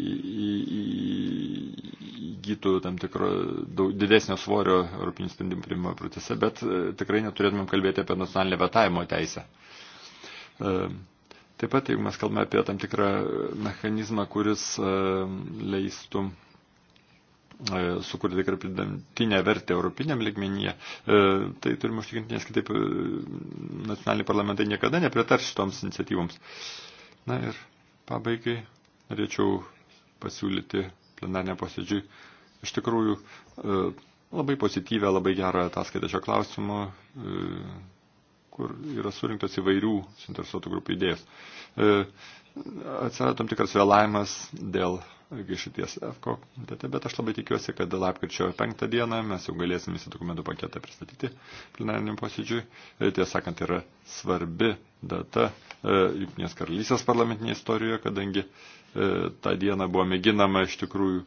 S1: įgytų tam tikro daug, didesnio svorio Europinių sprendimų priimimo procese, bet e, tikrai neturėtumėm kalbėti apie nacionalinę vetavimo teisę. E, taip pat, jeigu mes kalbame apie tam tikrą mechanizmą, kuris e, leistų E, sukurti tikrai pridamtinę vertę europiniam ligmenyje, e, tai turime užtikrinti, nes kitaip e, nacionaliniai parlamentai niekada nepritars šitoms iniciatyvoms. Na ir pabaigai norėčiau pasiūlyti plenarnę posėdžiui iš tikrųjų labai pozityvę, labai gerą ataskaitą šio klausimu, kur yra surinktos įvairių suinteresuotų grupų idėjas. Atsirado tam tikras vėlavimas dėl irgi šities EFKO komitete, bet aš labai tikiuosi, kad lapkričio penktą dieną mes jau galėsim visą dokumentų paketą pristatyti plenariniam posėdžiui. E, tiesą sakant, yra svarbi data e, Junktinės karalystės parlamentinėje istorijoje, kadangi e, tą dieną buvo mėginama iš tikrųjų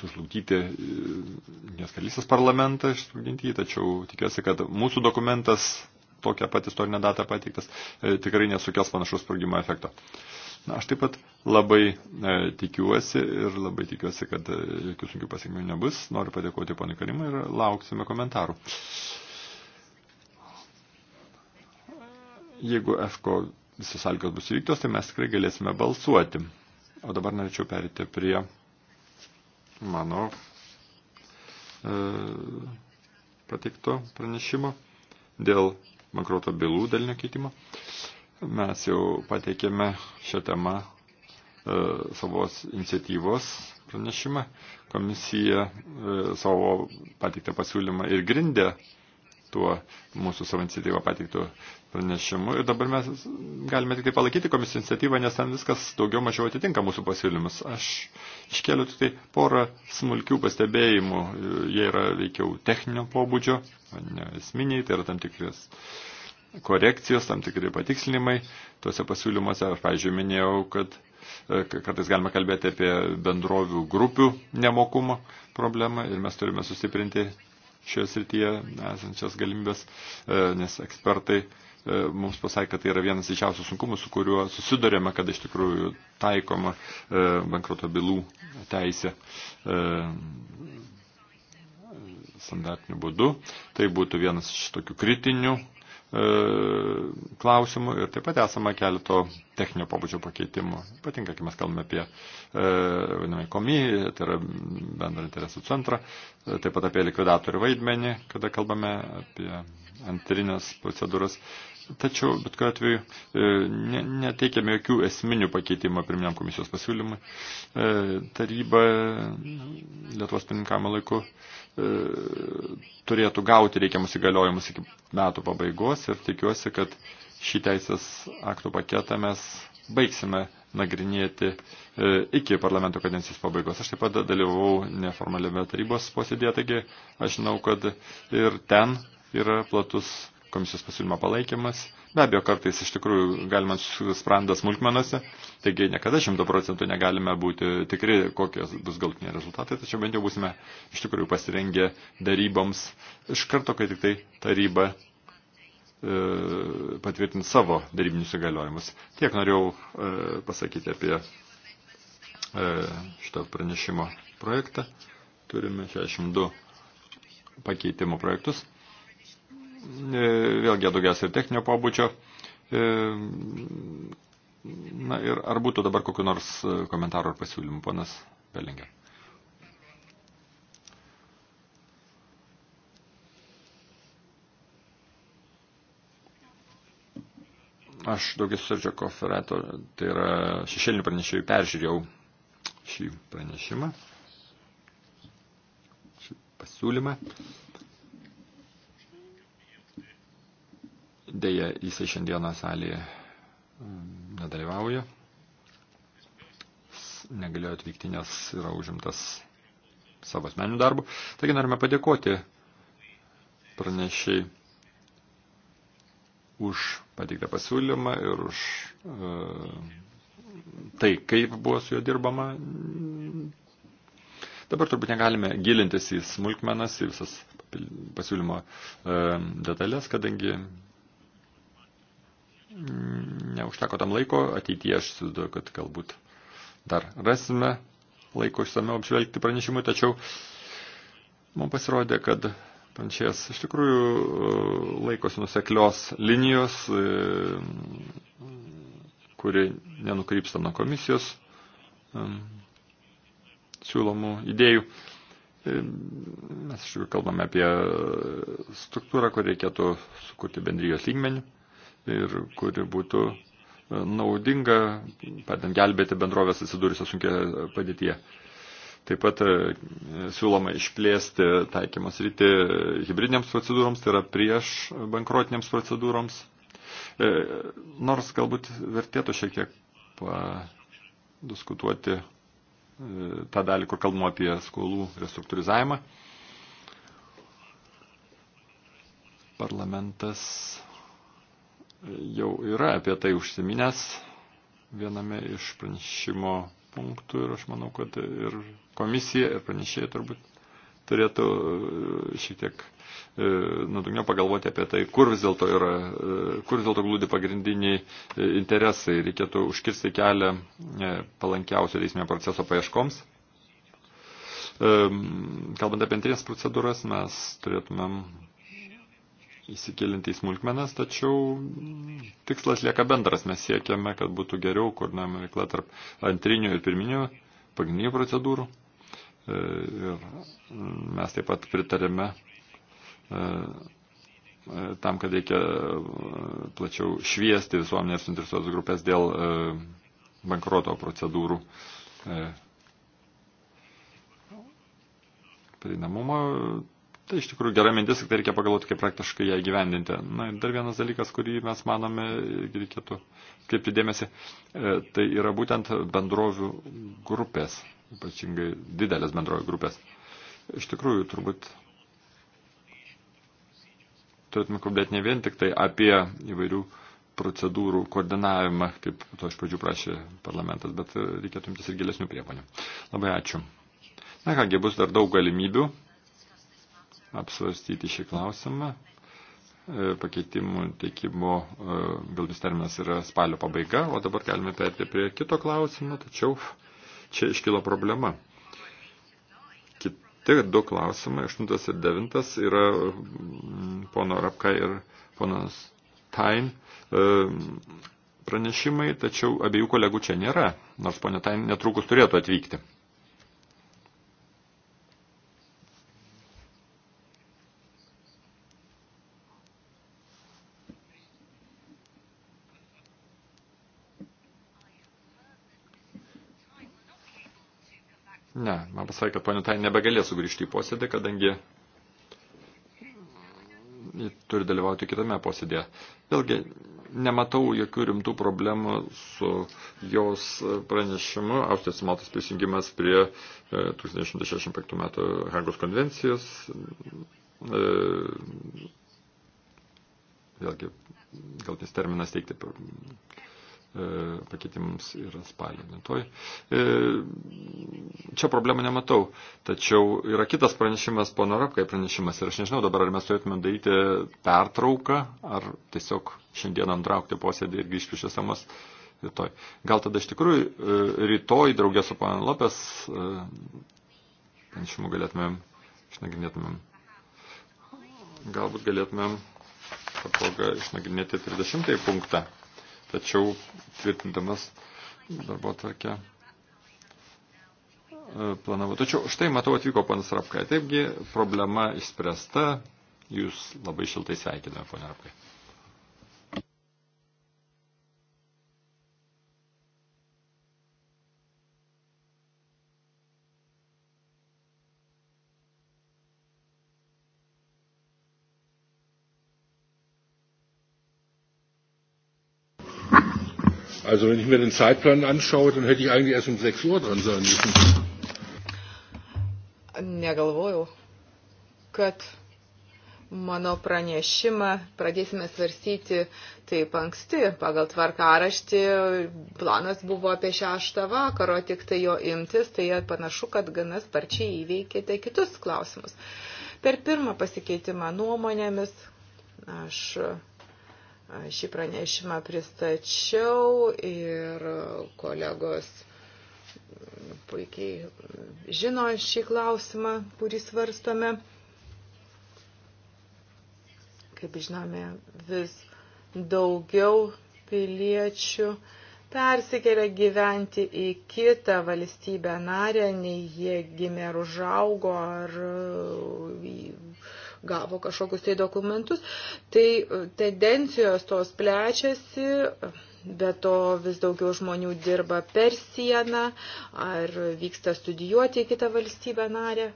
S1: sužlugdyti Junktinės karalystės parlamentą, išsprūdinti jį, tačiau tikiuosi, kad mūsų dokumentas tokią pat istorinę datą pateiktas, e, tikrai nesukels panašus sprogimo efekto. Na, aš taip pat labai e, tikiuosi ir labai tikiuosi, kad e, jokių sunkių pasiekmių nebus. Noriu padėkoti ponui Karimui ir lauksime komentarų. Jeigu EFKO visos sąlygos bus įvyktos, tai mes tikrai galėsime balsuoti. O dabar norėčiau perėti prie mano e, pateikto pranešimo dėl bankroto bylų dalinio keitimo. Mes jau pateikėme šią temą e, savos iniciatyvos pranešimą. Komisija e, savo pateiktą pasiūlymą ir grindė e, tuo mūsų savo iniciatyvą pateiktų pranešimu. Ir dabar mes galime tik tai palaikyti komisijos iniciatyvą, nes ten viskas daugiau mažiau atitinka mūsų pasiūlymus. Aš iškeliu tik tai porą smulkių pastebėjimų. Jie yra veikiau techninio pobūdžio, ne esminiai, tai yra tam tikris korekcijos, tam tikri patikslinimai tuose pasiūlymuose. Aš, pavyzdžiui, minėjau, kad e, kartais galima kalbėti apie bendrovių grupių nemokumo problemą ir mes turime sustiprinti šioje srityje esančias galimybės, e, nes ekspertai e, mums pasakė, kad tai yra vienas didžiausių sunkumų, su kuriuo susidurėme, kad iš tikrųjų taikoma e, bankruoto bylų teisė standartiniu būdu. Tai būtų vienas iš tokių kritinių E, klausimų ir taip pat esama keleto techninio pabudžio pakeitimų. Patinka, kai mes kalbame apie e, vadinamai komį, tai yra bendrą interesų centrą, e, taip pat apie likvidatorių vaidmenį, kada kalbame apie antrinės procedūras. Tačiau, bet kuriuo atveju, e, ne, neteikėme jokių esminių pakeitimų pirminiam komisijos pasiūlymui. E, taryba Lietuvos pirmininkamo laiku e, turėtų gauti reikiamus įgaliojimus iki metų pabaigos ir tikiuosi, kad šį teisės aktų paketą mes baigsime nagrinėti iki parlamento kadencijos pabaigos. Aš taip pat dalyvau neformaliame tarybos posėdėje, taigi aš žinau, kad ir ten yra platus komisijos pasiūlymo palaikymas. Be abejo, kartais iš tikrųjų galima sprandas smulkmenose, taigi niekada šimto procentų negalime būti tikri, kokie bus galtiniai rezultatai, tačiau bent jau būsime iš tikrųjų pasirengę daryboms iš karto, kai tik tai taryba e, patvirtinti savo darybinius įgaliojimus. Tiek norėjau e, pasakyti apie e, šitą pranešimo projektą. Turime 62 pakeitimo projektus. E, vėlgi daugiausiai ir techninio pobūdžio. E, na ir ar būtų dabar kokiu nors e, komentaru ar pasiūlymu, ponas Belingė? Aš daugiau Sergio Koferato, tai yra šešėlinių pranešėjų, peržiūrėjau šį pranešimą, šį pasiūlymą. Deja, jisai šiandieną salėje mm, nedalyvauja. Negalėjo atvykti, nes yra užimtas savo asmeninių darbų. Taigi norime padėkoti pranešiai už pateiktą pasiūlymą ir už e, tai, kaip buvo su juo dirbama. Dabar turbūt negalime gilintis į smulkmenas, į visas pasiūlymo e, detalės, kadangi neužteko tam laiko, ateityje aš įsivaizduoju, kad galbūt dar rasime laiko išsameu apžvelgti pranešimui, tačiau man pasirodė, kad pančias iš tikrųjų e, laikosi nuseklios linijos, e, kuri nenukrypsta nuo komisijos e, siūlomų idėjų. Mes iš tikrųjų kalbame apie struktūrą, kur reikėtų sukurti bendrijos lygmenį ir kuri būtų e, naudinga, padant gelbėti bendrovės atsidūrusios sunkia padėtyje. Taip pat e, siūloma išplėsti taikymas rytį hybridiniams procedūroms, tai yra prieš bankrotiniams procedūroms. E, nors galbūt vertėtų šiek tiek padiskutuoti tą dalį, kur kalbam apie skolų restruktūrizavimą. Parlamentas jau yra apie tai užsiminęs viename iš pranešimo punktų ir aš manau, kad ir komisija, ir pranešėjai turbūt turėtų e, šiek tiek e, nuodugniau pagalvoti apie tai, kur vis dėlto yra, e, kur vis dėlto glūdi pagrindiniai interesai. Reikėtų užkirsti kelią palankiausio teisminio proceso paieškoms. Kalbant apie antrinės procedūras, mes turėtumėm įsikilinti į smulkmenas, tačiau tikslas lieka bendras. Mes siekiame, kad būtų geriau koordinuojama veikla tarp antrinių ir pirminių pagrindinių procedūrų. E, ir mes taip pat pritarėme e, e, tam, kad reikia plačiau šviesti visuomenės suinteresuotas grupės dėl bankroto procedūrų prieinamumo Tai iš tikrųjų gera mintis, tik tai reikia pagalvoti, kaip praktiškai ją gyvendinti. Na ir dar vienas dalykas, kurį mes manome, reikėtų kreipti dėmesį, e, tai yra būtent bendrovių grupės, ypatingai didelės bendrovių grupės. Iš tikrųjų, turbūt turėtume kalbėti ne vien tik tai apie įvairių procedūrų koordinavimą, kaip to iš pradžių prašė parlamentas, bet reikėtų imtis ir gilesnių priemonių. Labai ačiū. Na kągi, bus dar daug galimybių apsvarstyti šį klausimą. E, pakeitimų teikimo e, galvis terminas yra spalio pabaiga, o dabar galime perėti prie kito klausimo, tačiau čia iškilo problema. Kiti du klausimai, 8 ir 9, yra mm, pono Rapka ir ponas Tain e, pranešimai, tačiau abiejų kolegų čia nėra, nors ponė Tain netrukus turėtų atvykti. pasakė, kad ponė Tai nebegalės sugrįžti į posėdį, kadangi turi dalyvauti kitame posėdėje. Vėlgi, nematau jokių rimtų problemų su jos pranešimu. Austrijos matos prisijungimas prie 1965 e, metų Hagos konvencijos. E, vėlgi, galtinis terminas teikti E, pakeitimams yra spalio 9. E, čia problemų nematau, tačiau yra kitas pranešimas, pono Rapkai pranešimas ir aš nežinau dabar, ar mes turėtume daryti pertrauką, ar tiesiog šiandien antraukti posėdį ir grįžti šios temos rytoj. Gal tada iš tikrųjų e, rytoj draugė su pono Lopes pranešimu galėtumėm, išnagrinėtumėm. Galbūt galėtumėm tą progą išnagrinėti 30 punktą. Tačiau tvirtindamas darbo tvarkę e, planavo. Tačiau štai matau atvyko panas Rapkai. Taipgi problema išspręsta. Jūs labai šiltai sveikiname, ponia Rapkai. Also wenn ich mir den Zeitplan anschaue, dann hätte ich eigentlich erst um 6 Uhr dran
S3: sein müssen. Negalvojau, kad mano pranešimą pradėsime svarstyti taip anksti. Pagal tvarkaraštį planas buvo apie šeštą vakaro, tik tai jo imtis, tai panašu, kad gana sparčiai įveikėte kitus klausimus. Per pirmą pasikeitimą nuomonėmis aš šį pranešimą pristačiau ir kolegos puikiai žino šį klausimą, kurį svarstome. Kaip žinome, vis daugiau piliečių persikelia gyventi į kitą valstybę narę, nei jie gimė ar užaugo ar gavo kažkokius tai dokumentus. Tai e, tendencijos tos plečiasi be to vis daugiau žmonių dirba per sieną ar vyksta studijuoti į kitą valstybę narę.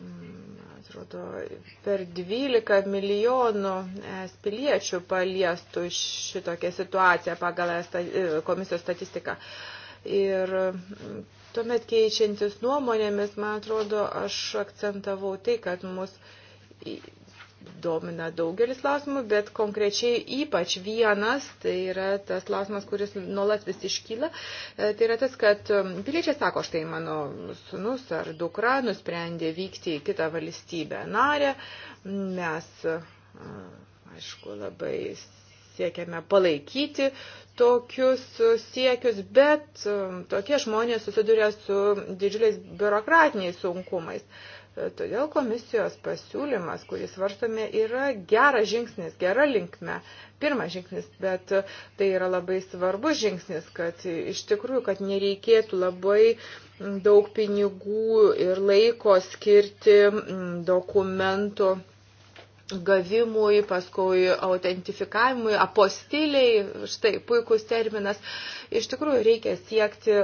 S3: Mm, atrodo, per 12 milijonų es piliečių paliestų šitokią situaciją pagal e, komisijos statistiką. Ir Tuomet keičiantis nuomonėmis, man atrodo, aš akcentavau tai, kad mus domina daugelis klausimų, bet konkrečiai ypač vienas, tai yra tas klausimas, kuris nuolat vis iškyla, e, tai yra tas, kad um, piliečiai sako, štai mano sunus ar dukra nusprendė vykti į kitą valstybę narę, mes, aišku, labai siekiame palaikyti tokius siekius, bet e, tokie žmonės susiduria su didžiuliais biurokratiniais sunkumais. E, todėl komisijos pasiūlymas, kurį svarstome, yra geras žingsnis, gera linkme. Pirmas žingsnis, bet tai yra labai svarbus žingsnis, kad iš tikrųjų, kad nereikėtų labai daug pinigų ir laiko skirti dokumentų gavimui, paskui autentifikavimui, apostiliai, štai puikus terminas. Iš tikrųjų reikia siekti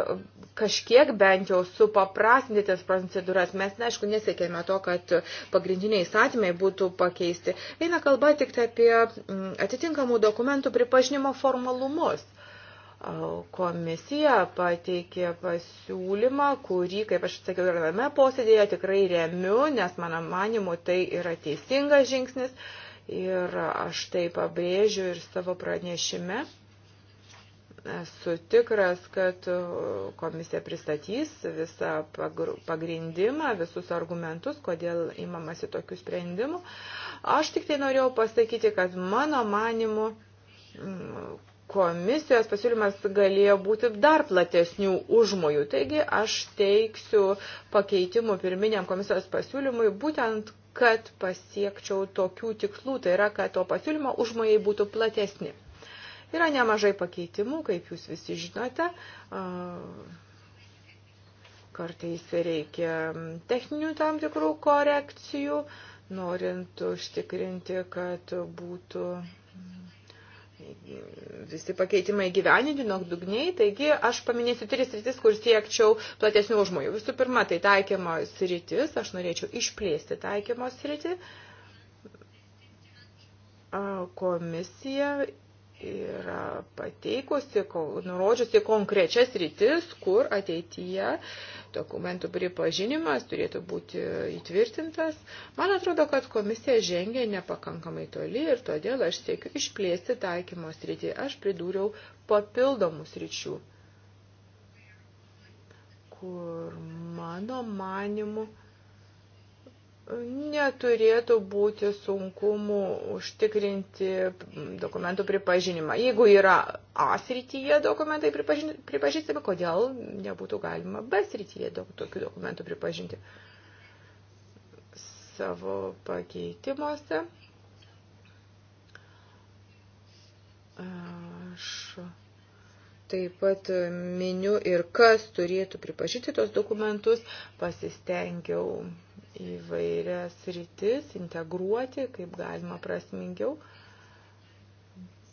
S3: kažkiek bent jau supaprastinti tas procedūras. Mes, na, aišku, nesiekėme to, kad pagrindiniai įstatymai būtų pakeisti. Eina kalba tik apie mm, atitinkamų dokumentų pripažinimo formalumus. Komisija pateikė pasiūlymą, kurį, kaip aš sakiau, ir tame posėdėje tikrai remiu, nes mano manimu tai yra teisingas žingsnis ir aš tai pabrėžiu ir savo pranešime. Esu tikras, kad komisija pristatys visą pagrindimą, visus argumentus, kodėl imamasi tokių sprendimų. Aš tik tai norėjau pasakyti, kad mano manimu komisijos pasiūlymas galėjo būti dar platesnių užmojų. Taigi aš teiksiu pakeitimų pirminiam komisijos pasiūlymui būtent, kad pasiekčiau tokių tikslų, tai yra, kad to pasiūlymo užmojai būtų platesni. Yra nemažai pakeitimų, kaip jūs visi žinote. Kartais reikia techninių tam tikrų korekcijų, norint užtikrinti, kad būtų visi pakeitimai gyveninti nuogdugniai, taigi aš paminėsiu tris sritis, kur siekčiau platesnių užmojų. Visų pirma, tai taikymo sritis, aš norėčiau išplėsti taikymo sritį. Komisija yra pateikusi, nurodžiusi konkrečias rytis, kur ateityje dokumentų pripažinimas turėtų būti įtvirtintas. Man atrodo, kad komisija žengia nepakankamai toli ir todėl aš siekiu išplėsti taikymo sritį. Aš pridūriau papildomų sričių, kur mano manimu neturėtų būti sunkumų užtikrinti dokumentų pripažinimą. Jeigu yra A srityje dokumentai pripažįstami, kodėl nebūtų galima B srityje tokių dokumentų pripažinti savo pakeitimuose. Aš taip pat miniu ir kas turėtų pripažinti tos dokumentus, pasistengiau įvairias rytis, integruoti, kaip galima prasmingiau.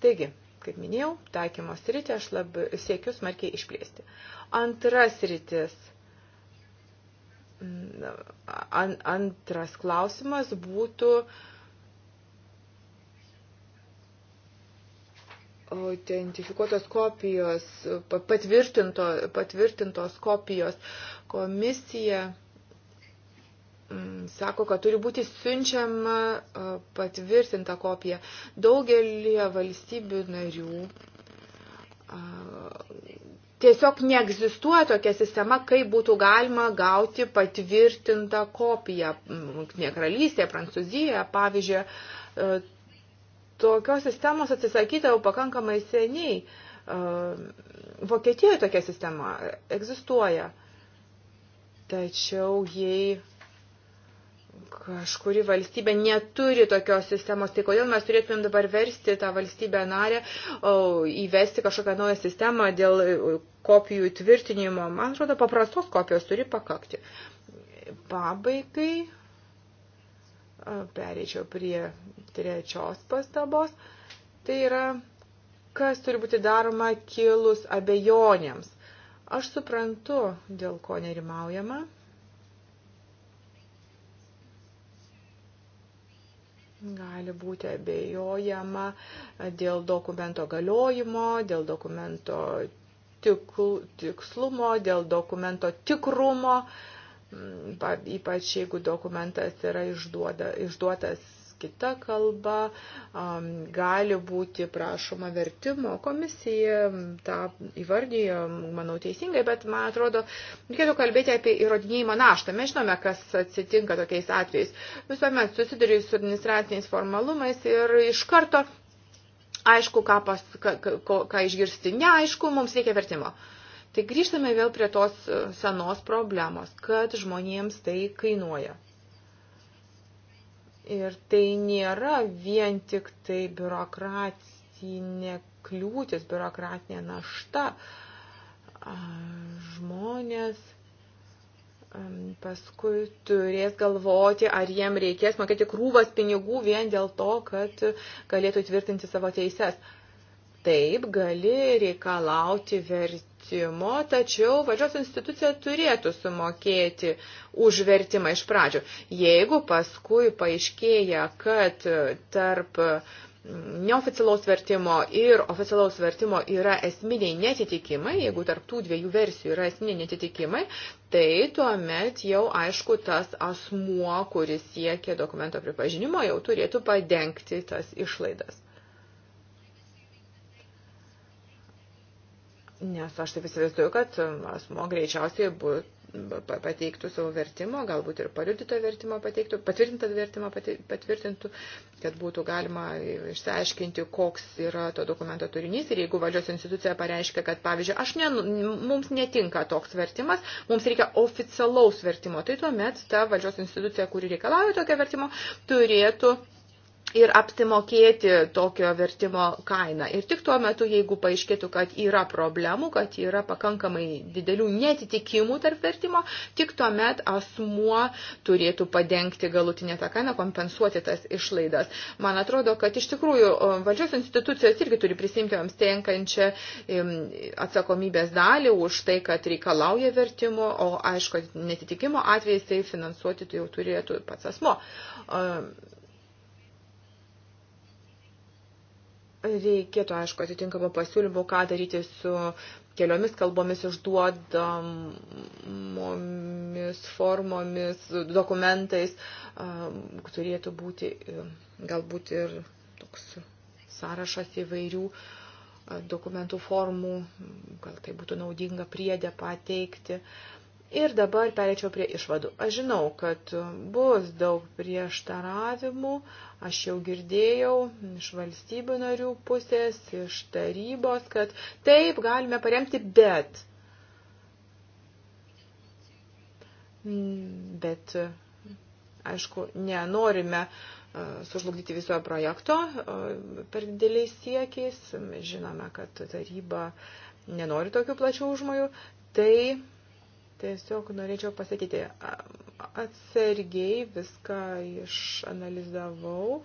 S3: Taigi, kaip minėjau, taikymo sritį aš labai siekiu smarkiai išplėsti. Antras rytis. An, antras klausimas būtų autentifikuotos kopijos, patvirtinto, patvirtintos kopijos komisija Mm, sako, kad turi būti siunčiama e, patvirtinta kopija. Daugelį valstybių narių e, tiesiog neegzistuoja tokia sistema, kaip būtų galima gauti patvirtintą kopiją. Mm, Nekralystė, Prancūzija, pavyzdžiui, e, tokios sistemos atsisakyta jau pakankamai seniai. Vokietijoje tokia sistema egzistuoja. Tačiau jei kažkuri valstybė neturi tokios sistemos, tai kodėl mes turėtumėm dabar versti tą valstybę narę, o, įvesti kažkokią naują sistemą dėl e, kopijų tvirtinimo. Man atrodo, paprastos kopijos turi pakakti. Pabaigai e, pereičiau prie trečios pastabos. Tai yra, kas turi būti daroma kilus abejonėms. Aš suprantu, dėl ko nerimaujama gali būti abejojama dėl dokumento galiojimo, dėl dokumento tikslumo, dėl dokumento tikrumo, mm, ypač jeigu dokumentas yra išduoda, išduotas kita kalba, gali būti prašoma vertimo. Komisija tą įvardyjo, manau, teisingai, bet man atrodo, reikėtų kalbėti apie įrodinėjimo naštą. Mes žinome, kas atsitinka tokiais atvejais. Visuomet susiduriu su administraciniais formalumais ir iš karto aišku, ką, pas, ką, ką, ką išgirsti, neaišku, mums reikia vertimo. Tai grįžtame vėl prie tos e, senos problemos, kad žmonėms tai kainuoja. Ir tai nėra vien tik tai biurokratinė kliūtis, biurokratinė našta. Žmonės paskui turės galvoti, ar jiem reikės mokėti krūvas pinigų vien dėl to, kad galėtų įtvirtinti savo teises. Taip gali reikalauti vertimą vertimo, tačiau valdžios institucija turėtų sumokėti už vertimą iš pradžio. Jeigu paskui paaiškėja, kad tarp neoficialaus vertimo ir oficialaus vertimo yra esminiai netitikimai, jeigu tarptų dviejų versijų yra esminiai netitikimai, tai tuomet jau aišku tas asmuo, kuris siekia dokumento pripažinimo, jau turėtų padengti tas išlaidas. Nes aš taip įsivaizduoju, kad asmo greičiausiai bus pateiktų savo vertimo, galbūt ir paliudytą vertimą pateiktų, patvirtintą vertimą patvirtintų, kad būtų galima išsiaiškinti, koks yra to dokumento turinys ir jeigu valdžios institucija pareiškia, kad pavyzdžiui, aš ne, mums netinka toks vertimas, mums reikia oficialaus vertimo, tai tuomet ta valdžios institucija, kuri reikalauja tokio vertimo, turėtų uh, ir apsimokėti tokio vertimo kainą. Ir tik tuo metu, jeigu paaiškėtų, kad yra problemų, kad yra pakankamai didelių netitikimų tarp vertimo, tik tuo met asmuo turėtų padengti galutinę tą kainą, kompensuoti tas išlaidas. Man atrodo, kad iš tikrųjų valdžios institucijos irgi turi prisimti joms tenkančią atsakomybės dalį už tai, kad reikalauja vertimo, o aišku, netitikimo atvejais tai finansuoti tai jau turėtų pats asmo. Reikėtų, aišku, atitinkamo pasiūlymo, ką daryti su keliomis kalbomis išduodamomis formomis, dokumentais. Turėtų būti galbūt ir toks sąrašas įvairių dokumentų formų, gal tai būtų naudinga priedę pateikti. Uh, Ir dabar perėčiau prie išvadų. Aš žinau, kad bus daug prieštaravimų, aš jau girdėjau iš valstybių narių pusės, iš tarybos, kad taip galime paremti, bet. Bet, aišku, nenorime e, sužlugdyti viso projekto e, per dideliais siekiais. Žinome, kad taryba nenori tokių plačių užmojų. Tai Tiesiog norėčiau pasakyti, atsargiai viską išanalizavau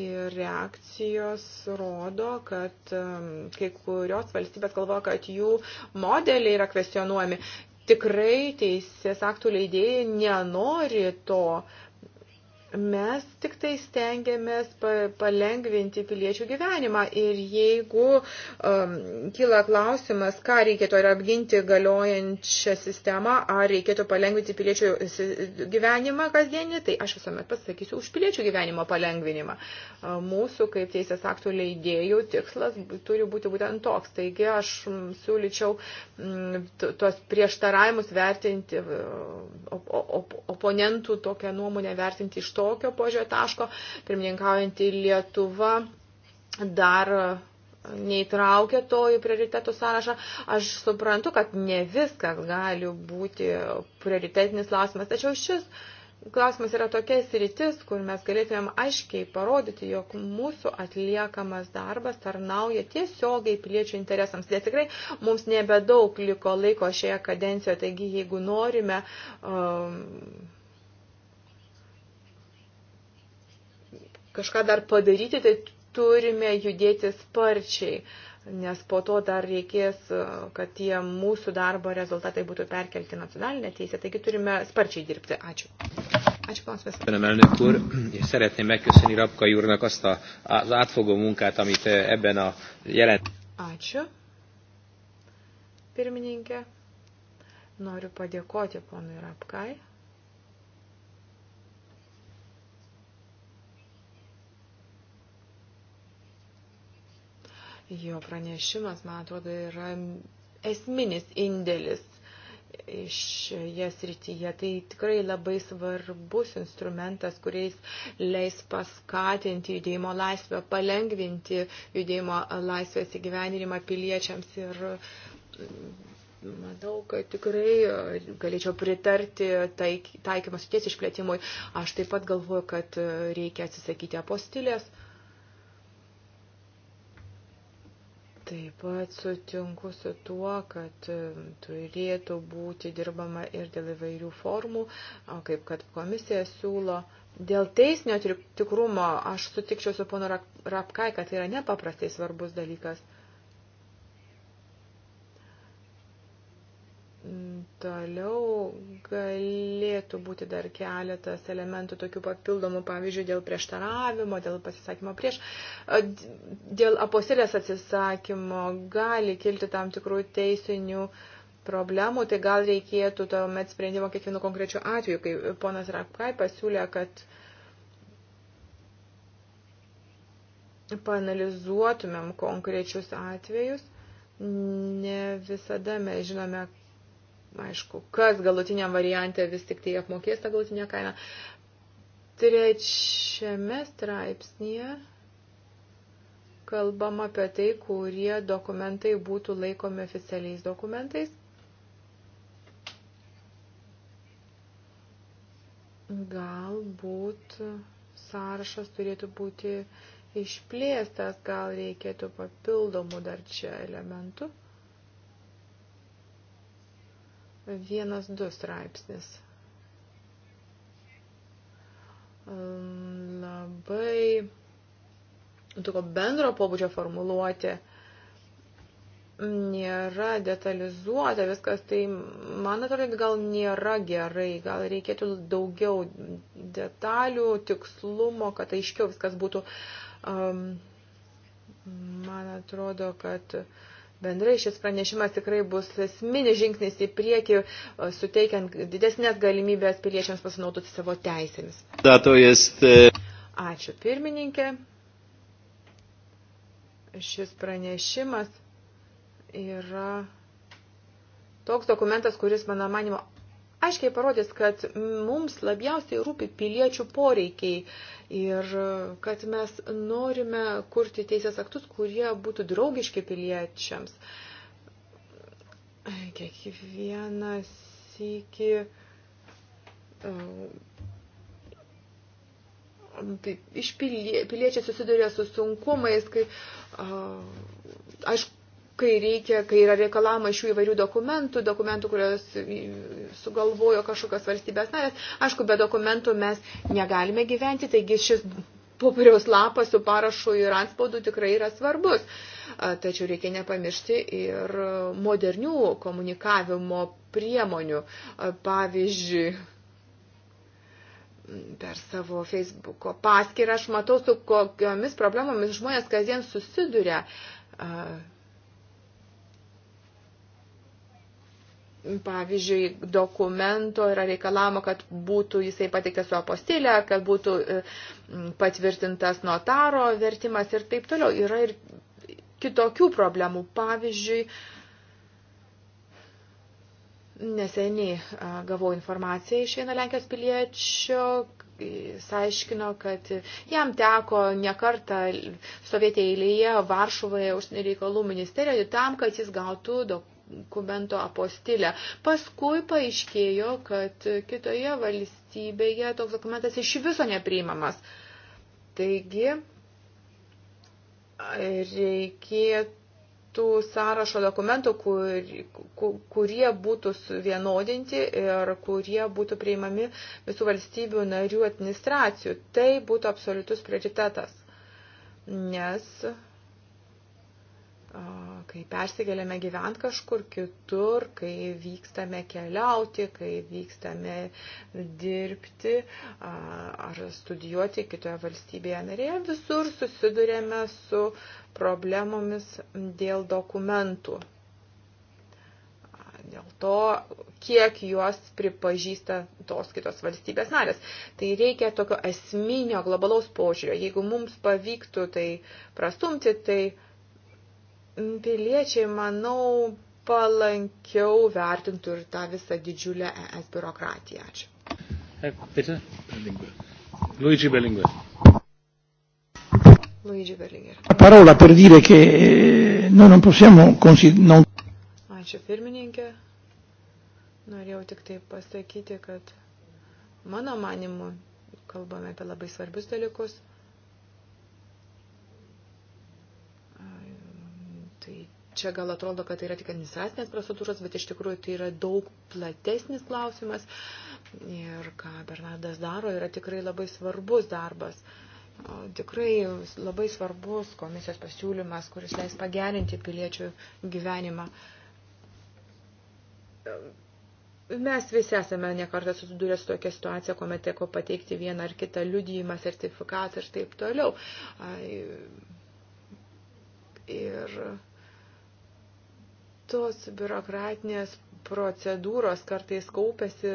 S3: ir reakcijos rodo, kad kai kurios valstybės galvoja, kad jų modeliai yra kvestionuojami. Tikrai teisės aktų leidėjai nenori to mes tik tai stengiamės palengvinti piliečių gyvenimą. Ir jeigu um, kyla klausimas, ką reikėtų ar apginti galiojančią sistemą, ar reikėtų palengvinti piliečių gyvenimą kasdienį, tai aš visuomet pasakysiu už piliečių gyvenimo palengvinimą. Uh, mūsų kaip teisės aktų leidėjų tikslas turi būti būtent toks. Taigi aš siūlyčiau tuos prieštaravimus vertinti, op op oponentų tokią nuomonę vertinti iš to, tokio požiūrio taško, pirmininkaujantį Lietuvą dar neįtraukė to į prioritetų sąrašą. Aš suprantu, kad ne viskas gali būti prioritetinis klausimas, tačiau šis klausimas yra tokia sritis, kur mes galėtumėm aiškiai parodyti, jog mūsų atliekamas darbas tarnauja tiesiogiai piliečių interesams. Nes tikrai mums nebedaug liko laiko šioje kadencijoje, taigi jeigu norime um, kažką dar padaryti, tai turime judėti sparčiai, nes po to dar reikės, e, kad tie mūsų darbo rezultatai būtų perkelti nacionalinę teisę, taigi turime sparčiai dirbti. Ačiū. Ačiū, Pons Köszönöm, elnök úr, és szeretném megköszönni Rabkai úrnak azt a, az átfogó munkát, amit e, ebben a jelent. Ačiū. Pirmininkė, noriu padėkoti ponui Rapkai Jo pranešimas, man atrodo, yra esminis indėlis šioje srityje. Tai tikrai labai svarbus instrumentas, kuriais leis paskatinti judėjimo laisvę, palengvinti judėjimo laisvės įgyvenimą piliečiams. Ir mm, manau, kad tikrai galėčiau pritarti taik, taikymas ties išplėtimui. Aš taip pat galvoju, kad reikia atsisakyti apostilės. Taip pat sutinku su tuo, kad turėtų būti dirbama ir dėl įvairių formų, kaip kad komisija siūlo. Dėl teisinio tikrumo aš sutikčiau su ponu Rapkai, kad tai yra nepaprastai svarbus dalykas. Toliau galėtų būti dar keletas elementų tokių papildomų, pavyzdžiui, dėl prieštaravimo, dėl pasisakymo prieš, dėl apostilės atsisakymo gali kilti tam tikrų teisinių problemų, tai gal reikėtų tuomet sprendimo kiekvienu konkrečiu atveju, kai ponas Rapkai pasiūlė, kad panalizuotumėm konkrečius atvejus, ne visada mes žinome, aišku, kas galutiniam variante vis tik tai apmokės tą galutinę kainą. Trečiame straipsnėje kalbam apie tai, kurie dokumentai būtų laikomi oficialiais dokumentais. Galbūt sąrašas turėtų būti išplėstas, gal reikėtų papildomų dar čia elementų. Vienas du straipsnis. Labai tokio bendro pobūdžio formuluoti nėra detalizuota viskas, tai man atrodo, gal nėra gerai, gal reikėtų daugiau detalių, tikslumo, kad aiškiau viskas būtų. Um, man atrodo, kad uh, Bendrai šis pranešimas tikrai bus esminis žingsnis į priekį, suteikiant didesnės galimybės piliečiams pasinaudoti savo teisėmis.
S1: E,
S3: Ačiū pirmininkė. Šis pranešimas yra toks dokumentas, kuris, mano manimo, aiškiai parodys, kad mums labiausiai rūpi piliečių poreikiai ir kad mes norime kurti teisės aktus, kurie būtų draugiški piliečiams. Kiekvienas iki. Um, tai iš pilie, piliečiai susiduria su sunkumais, kai, uh, aišku, kai reikia, kai yra reikalama iš jų įvairių dokumentų, dokumentų, kurios sugalvojo kažkokios valstybės narės. Aišku, be dokumentų mes negalime gyventi, taigi šis popieriaus lapas su parašu ir antspaudu tikrai yra svarbus. Tačiau reikia nepamiršti ir modernių komunikavimo priemonių. Pavyzdžiui, per savo Facebook'o paskirą aš matau, su kokiamis problemomis žmonės kasdien susiduria pavyzdžiui, dokumento yra reikalama, kad būtų jisai pateiktas su apostilė, kad būtų e, patvirtintas notaro vertimas ir taip toliau. Yra ir kitokių problemų. Pavyzdžiui, neseniai gavau informaciją iš vieno Lenkijos piliečio, jis aiškino, kad jam teko nekartą stovėti eilėje Varšuvoje užsienio reikalų ministerijoje tam, kad jis gautų dokumentų dokumento apostilę. Paskui paaiškėjo, kad kitoje valstybėje toks dokumentas iš viso nepriimamas. Taigi, reikėtų tų sąrašo dokumentų, kur, kurie būtų vienodinti ir kurie būtų priimami visų valstybių narių administracijų. Tai būtų absoliutus prioritetas, nes kai persikeliame gyvent kažkur kitur, kai vykstame keliauti, kai vykstame dirbti ar studijuoti kitoje valstybėje narėje, visur susidurėme su problemomis dėl dokumentų. Dėl to, kiek juos pripažįsta tos kitos valstybės narės. Tai reikia tokio esminio globalaus požiūrio. Jeigu mums pavyktų tai prastumti, tai uh, piliečiai, manau, palankiau vertintų ir tą visą didžiulę ES biurokratiją.
S2: Ačiū. Bitte? E, Berlinguer. Luigi Berlinguer. Luigi Berlinguer. La parola per dire che eh, noi non possiamo considerare...
S3: Ačiū pirmininkė. Norėjau tik tai pasakyti, kad mano manimu kalbame apie labai svarbius dalykus. Tai čia gal atrodo, kad tai yra tik administracinės procedūros, bet iš tikrųjų tai yra daug platesnis klausimas. Ir ką Bernardas daro, yra tikrai labai svarbus darbas. Tikrai labai svarbus komisijos pasiūlymas, kuris leis pagerinti piliečių gyvenimą. Mes visi esame nekartą susidūrę su tokia situacija, kuomet teko pateikti vieną ar kitą liudijimą, sertifikatą ir taip toliau. Ir tos biurokratinės procedūros kartais kaupiasi,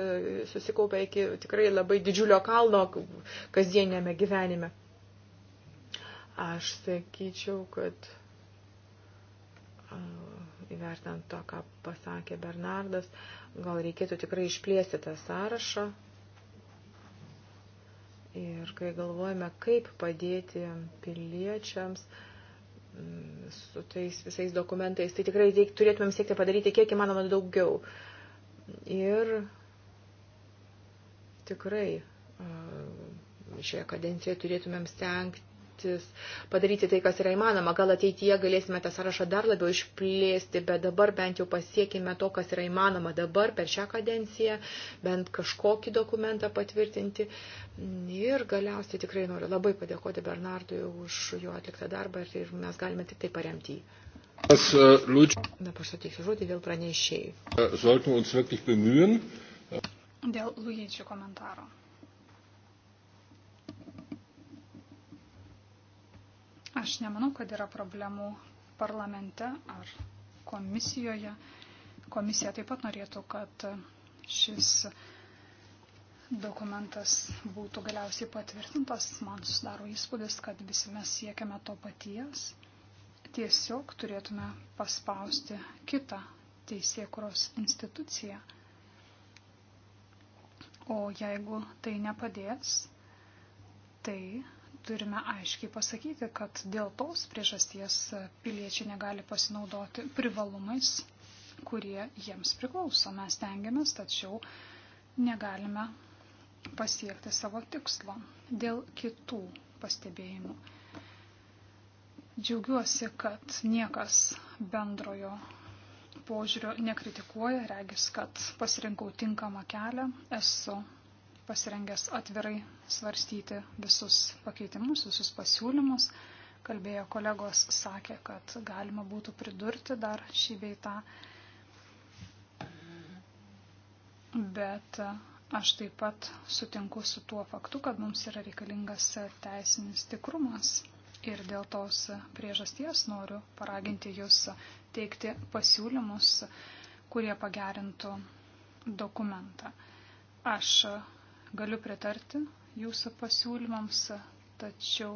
S3: susikaupia iki tikrai labai didžiulio kalno kasdienėme gyvenime. Aš sakyčiau, kad įvertant to, ką pasakė Bernardas, gal reikėtų tikrai išplėsti tą sąrašą. Ir kai galvojame, kaip padėti piliečiams, uh, su tais visais dokumentais, tai tikrai teik, turėtumėm siekti padaryti kiek įmanoma daugiau. Ir tikrai šioje kadencijoje turėtumėm stengti stengtis padaryti tai, kas yra įmanoma. Gal ateityje galėsime tą sąrašą dar labiau išplėsti, bet dabar bent jau pasiekime to, kas yra įmanoma dabar per šią kadenciją, bent kažkokį dokumentą patvirtinti. Ir galiausiai tikrai noriu labai padėkoti Bernardui už jo atliktą darbą ir mes galime tik tai paremti jį.
S1: Das, äh, uh,
S3: Dabar suteiksiu žodį vėl pranešėjai.
S1: Äh, sollten uns wirklich bemühen.
S2: Dėl Luidžio komentaro. Aš nemanau, kad yra problemų parlamente ar komisijoje. Komisija taip pat norėtų, kad šis dokumentas būtų galiausiai patvirtintas. Man susidaro įspūdis, kad visi mes siekiame to paties. Tiesiog turėtume paspausti kitą teisėkuros instituciją. O jeigu tai nepadės, tai turime aiškiai pasakyti, kad dėl tos priežasties piliečiai negali pasinaudoti privalumais, kurie jiems priklauso. Mes tengiamės, tačiau negalime pasiekti savo tikslo. Dėl kitų pastebėjimų. Džiaugiuosi, kad niekas bendrojo požiūrio nekritikuoja, regis, kad pasirinkau tinkamą kelią, esu pasirengęs atvirai svarstyti visus pakeitimus, visus pasiūlymus. Kalbėjo kolegos, sakė, kad galima būtų pridurti dar šį beitą. Bet aš taip pat sutinku su tuo faktu, kad mums yra reikalingas teisinis tikrumas. Ir dėl tos priežasties noriu paraginti jūs teikti pasiūlymus, kurie pagerintų dokumentą. Aš Galiu pritarti jūsų pasiūlymams, tačiau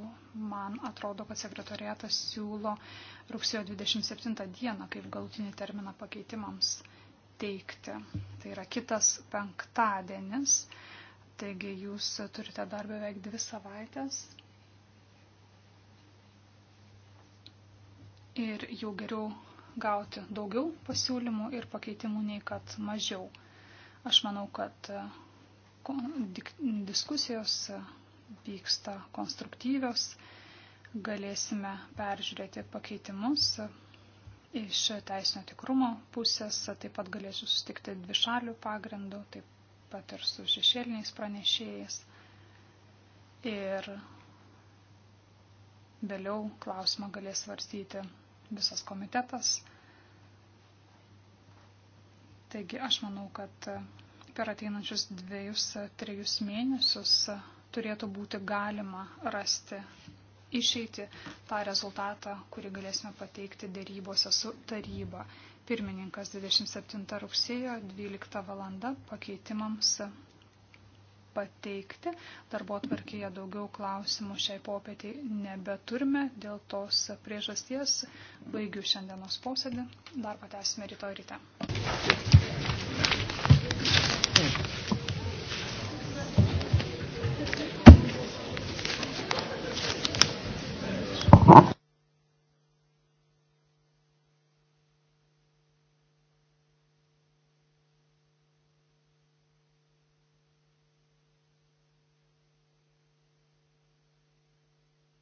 S2: man atrodo, kad sekretariatas siūlo rugsėjo 27 dieną kaip galutinį terminą pakeitimams teikti. Tai yra kitas penktadienis, taigi jūs turite dar beveik dvi savaitės. Ir jau geriau gauti daugiau pasiūlymų ir pakeitimų nei kad mažiau. Aš manau, kad diskusijos vyksta konstruktyvios, galėsime peržiūrėti pakeitimus iš teisinio tikrumo pusės, taip pat galėsiu sustikti dvišalių pagrindų, taip pat ir su šešėliniais pranešėjais. Ir vėliau klausimą galės svarstyti visas komitetas. Taigi aš manau, kad per ateinančius dviejus, trejus mėnesius turėtų būti galima rasti išeiti tą rezultatą, kurį galėsime pateikti dėrybose su taryba. Pirmininkas 27 rugsėjo 12 val. pakeitimams pateikti. Darbo atvarkėje daugiau klausimų šiai popietį nebeturime. Dėl tos priežasties baigiu šiandienos posėdį. Darbą tęsime rytoj ryte.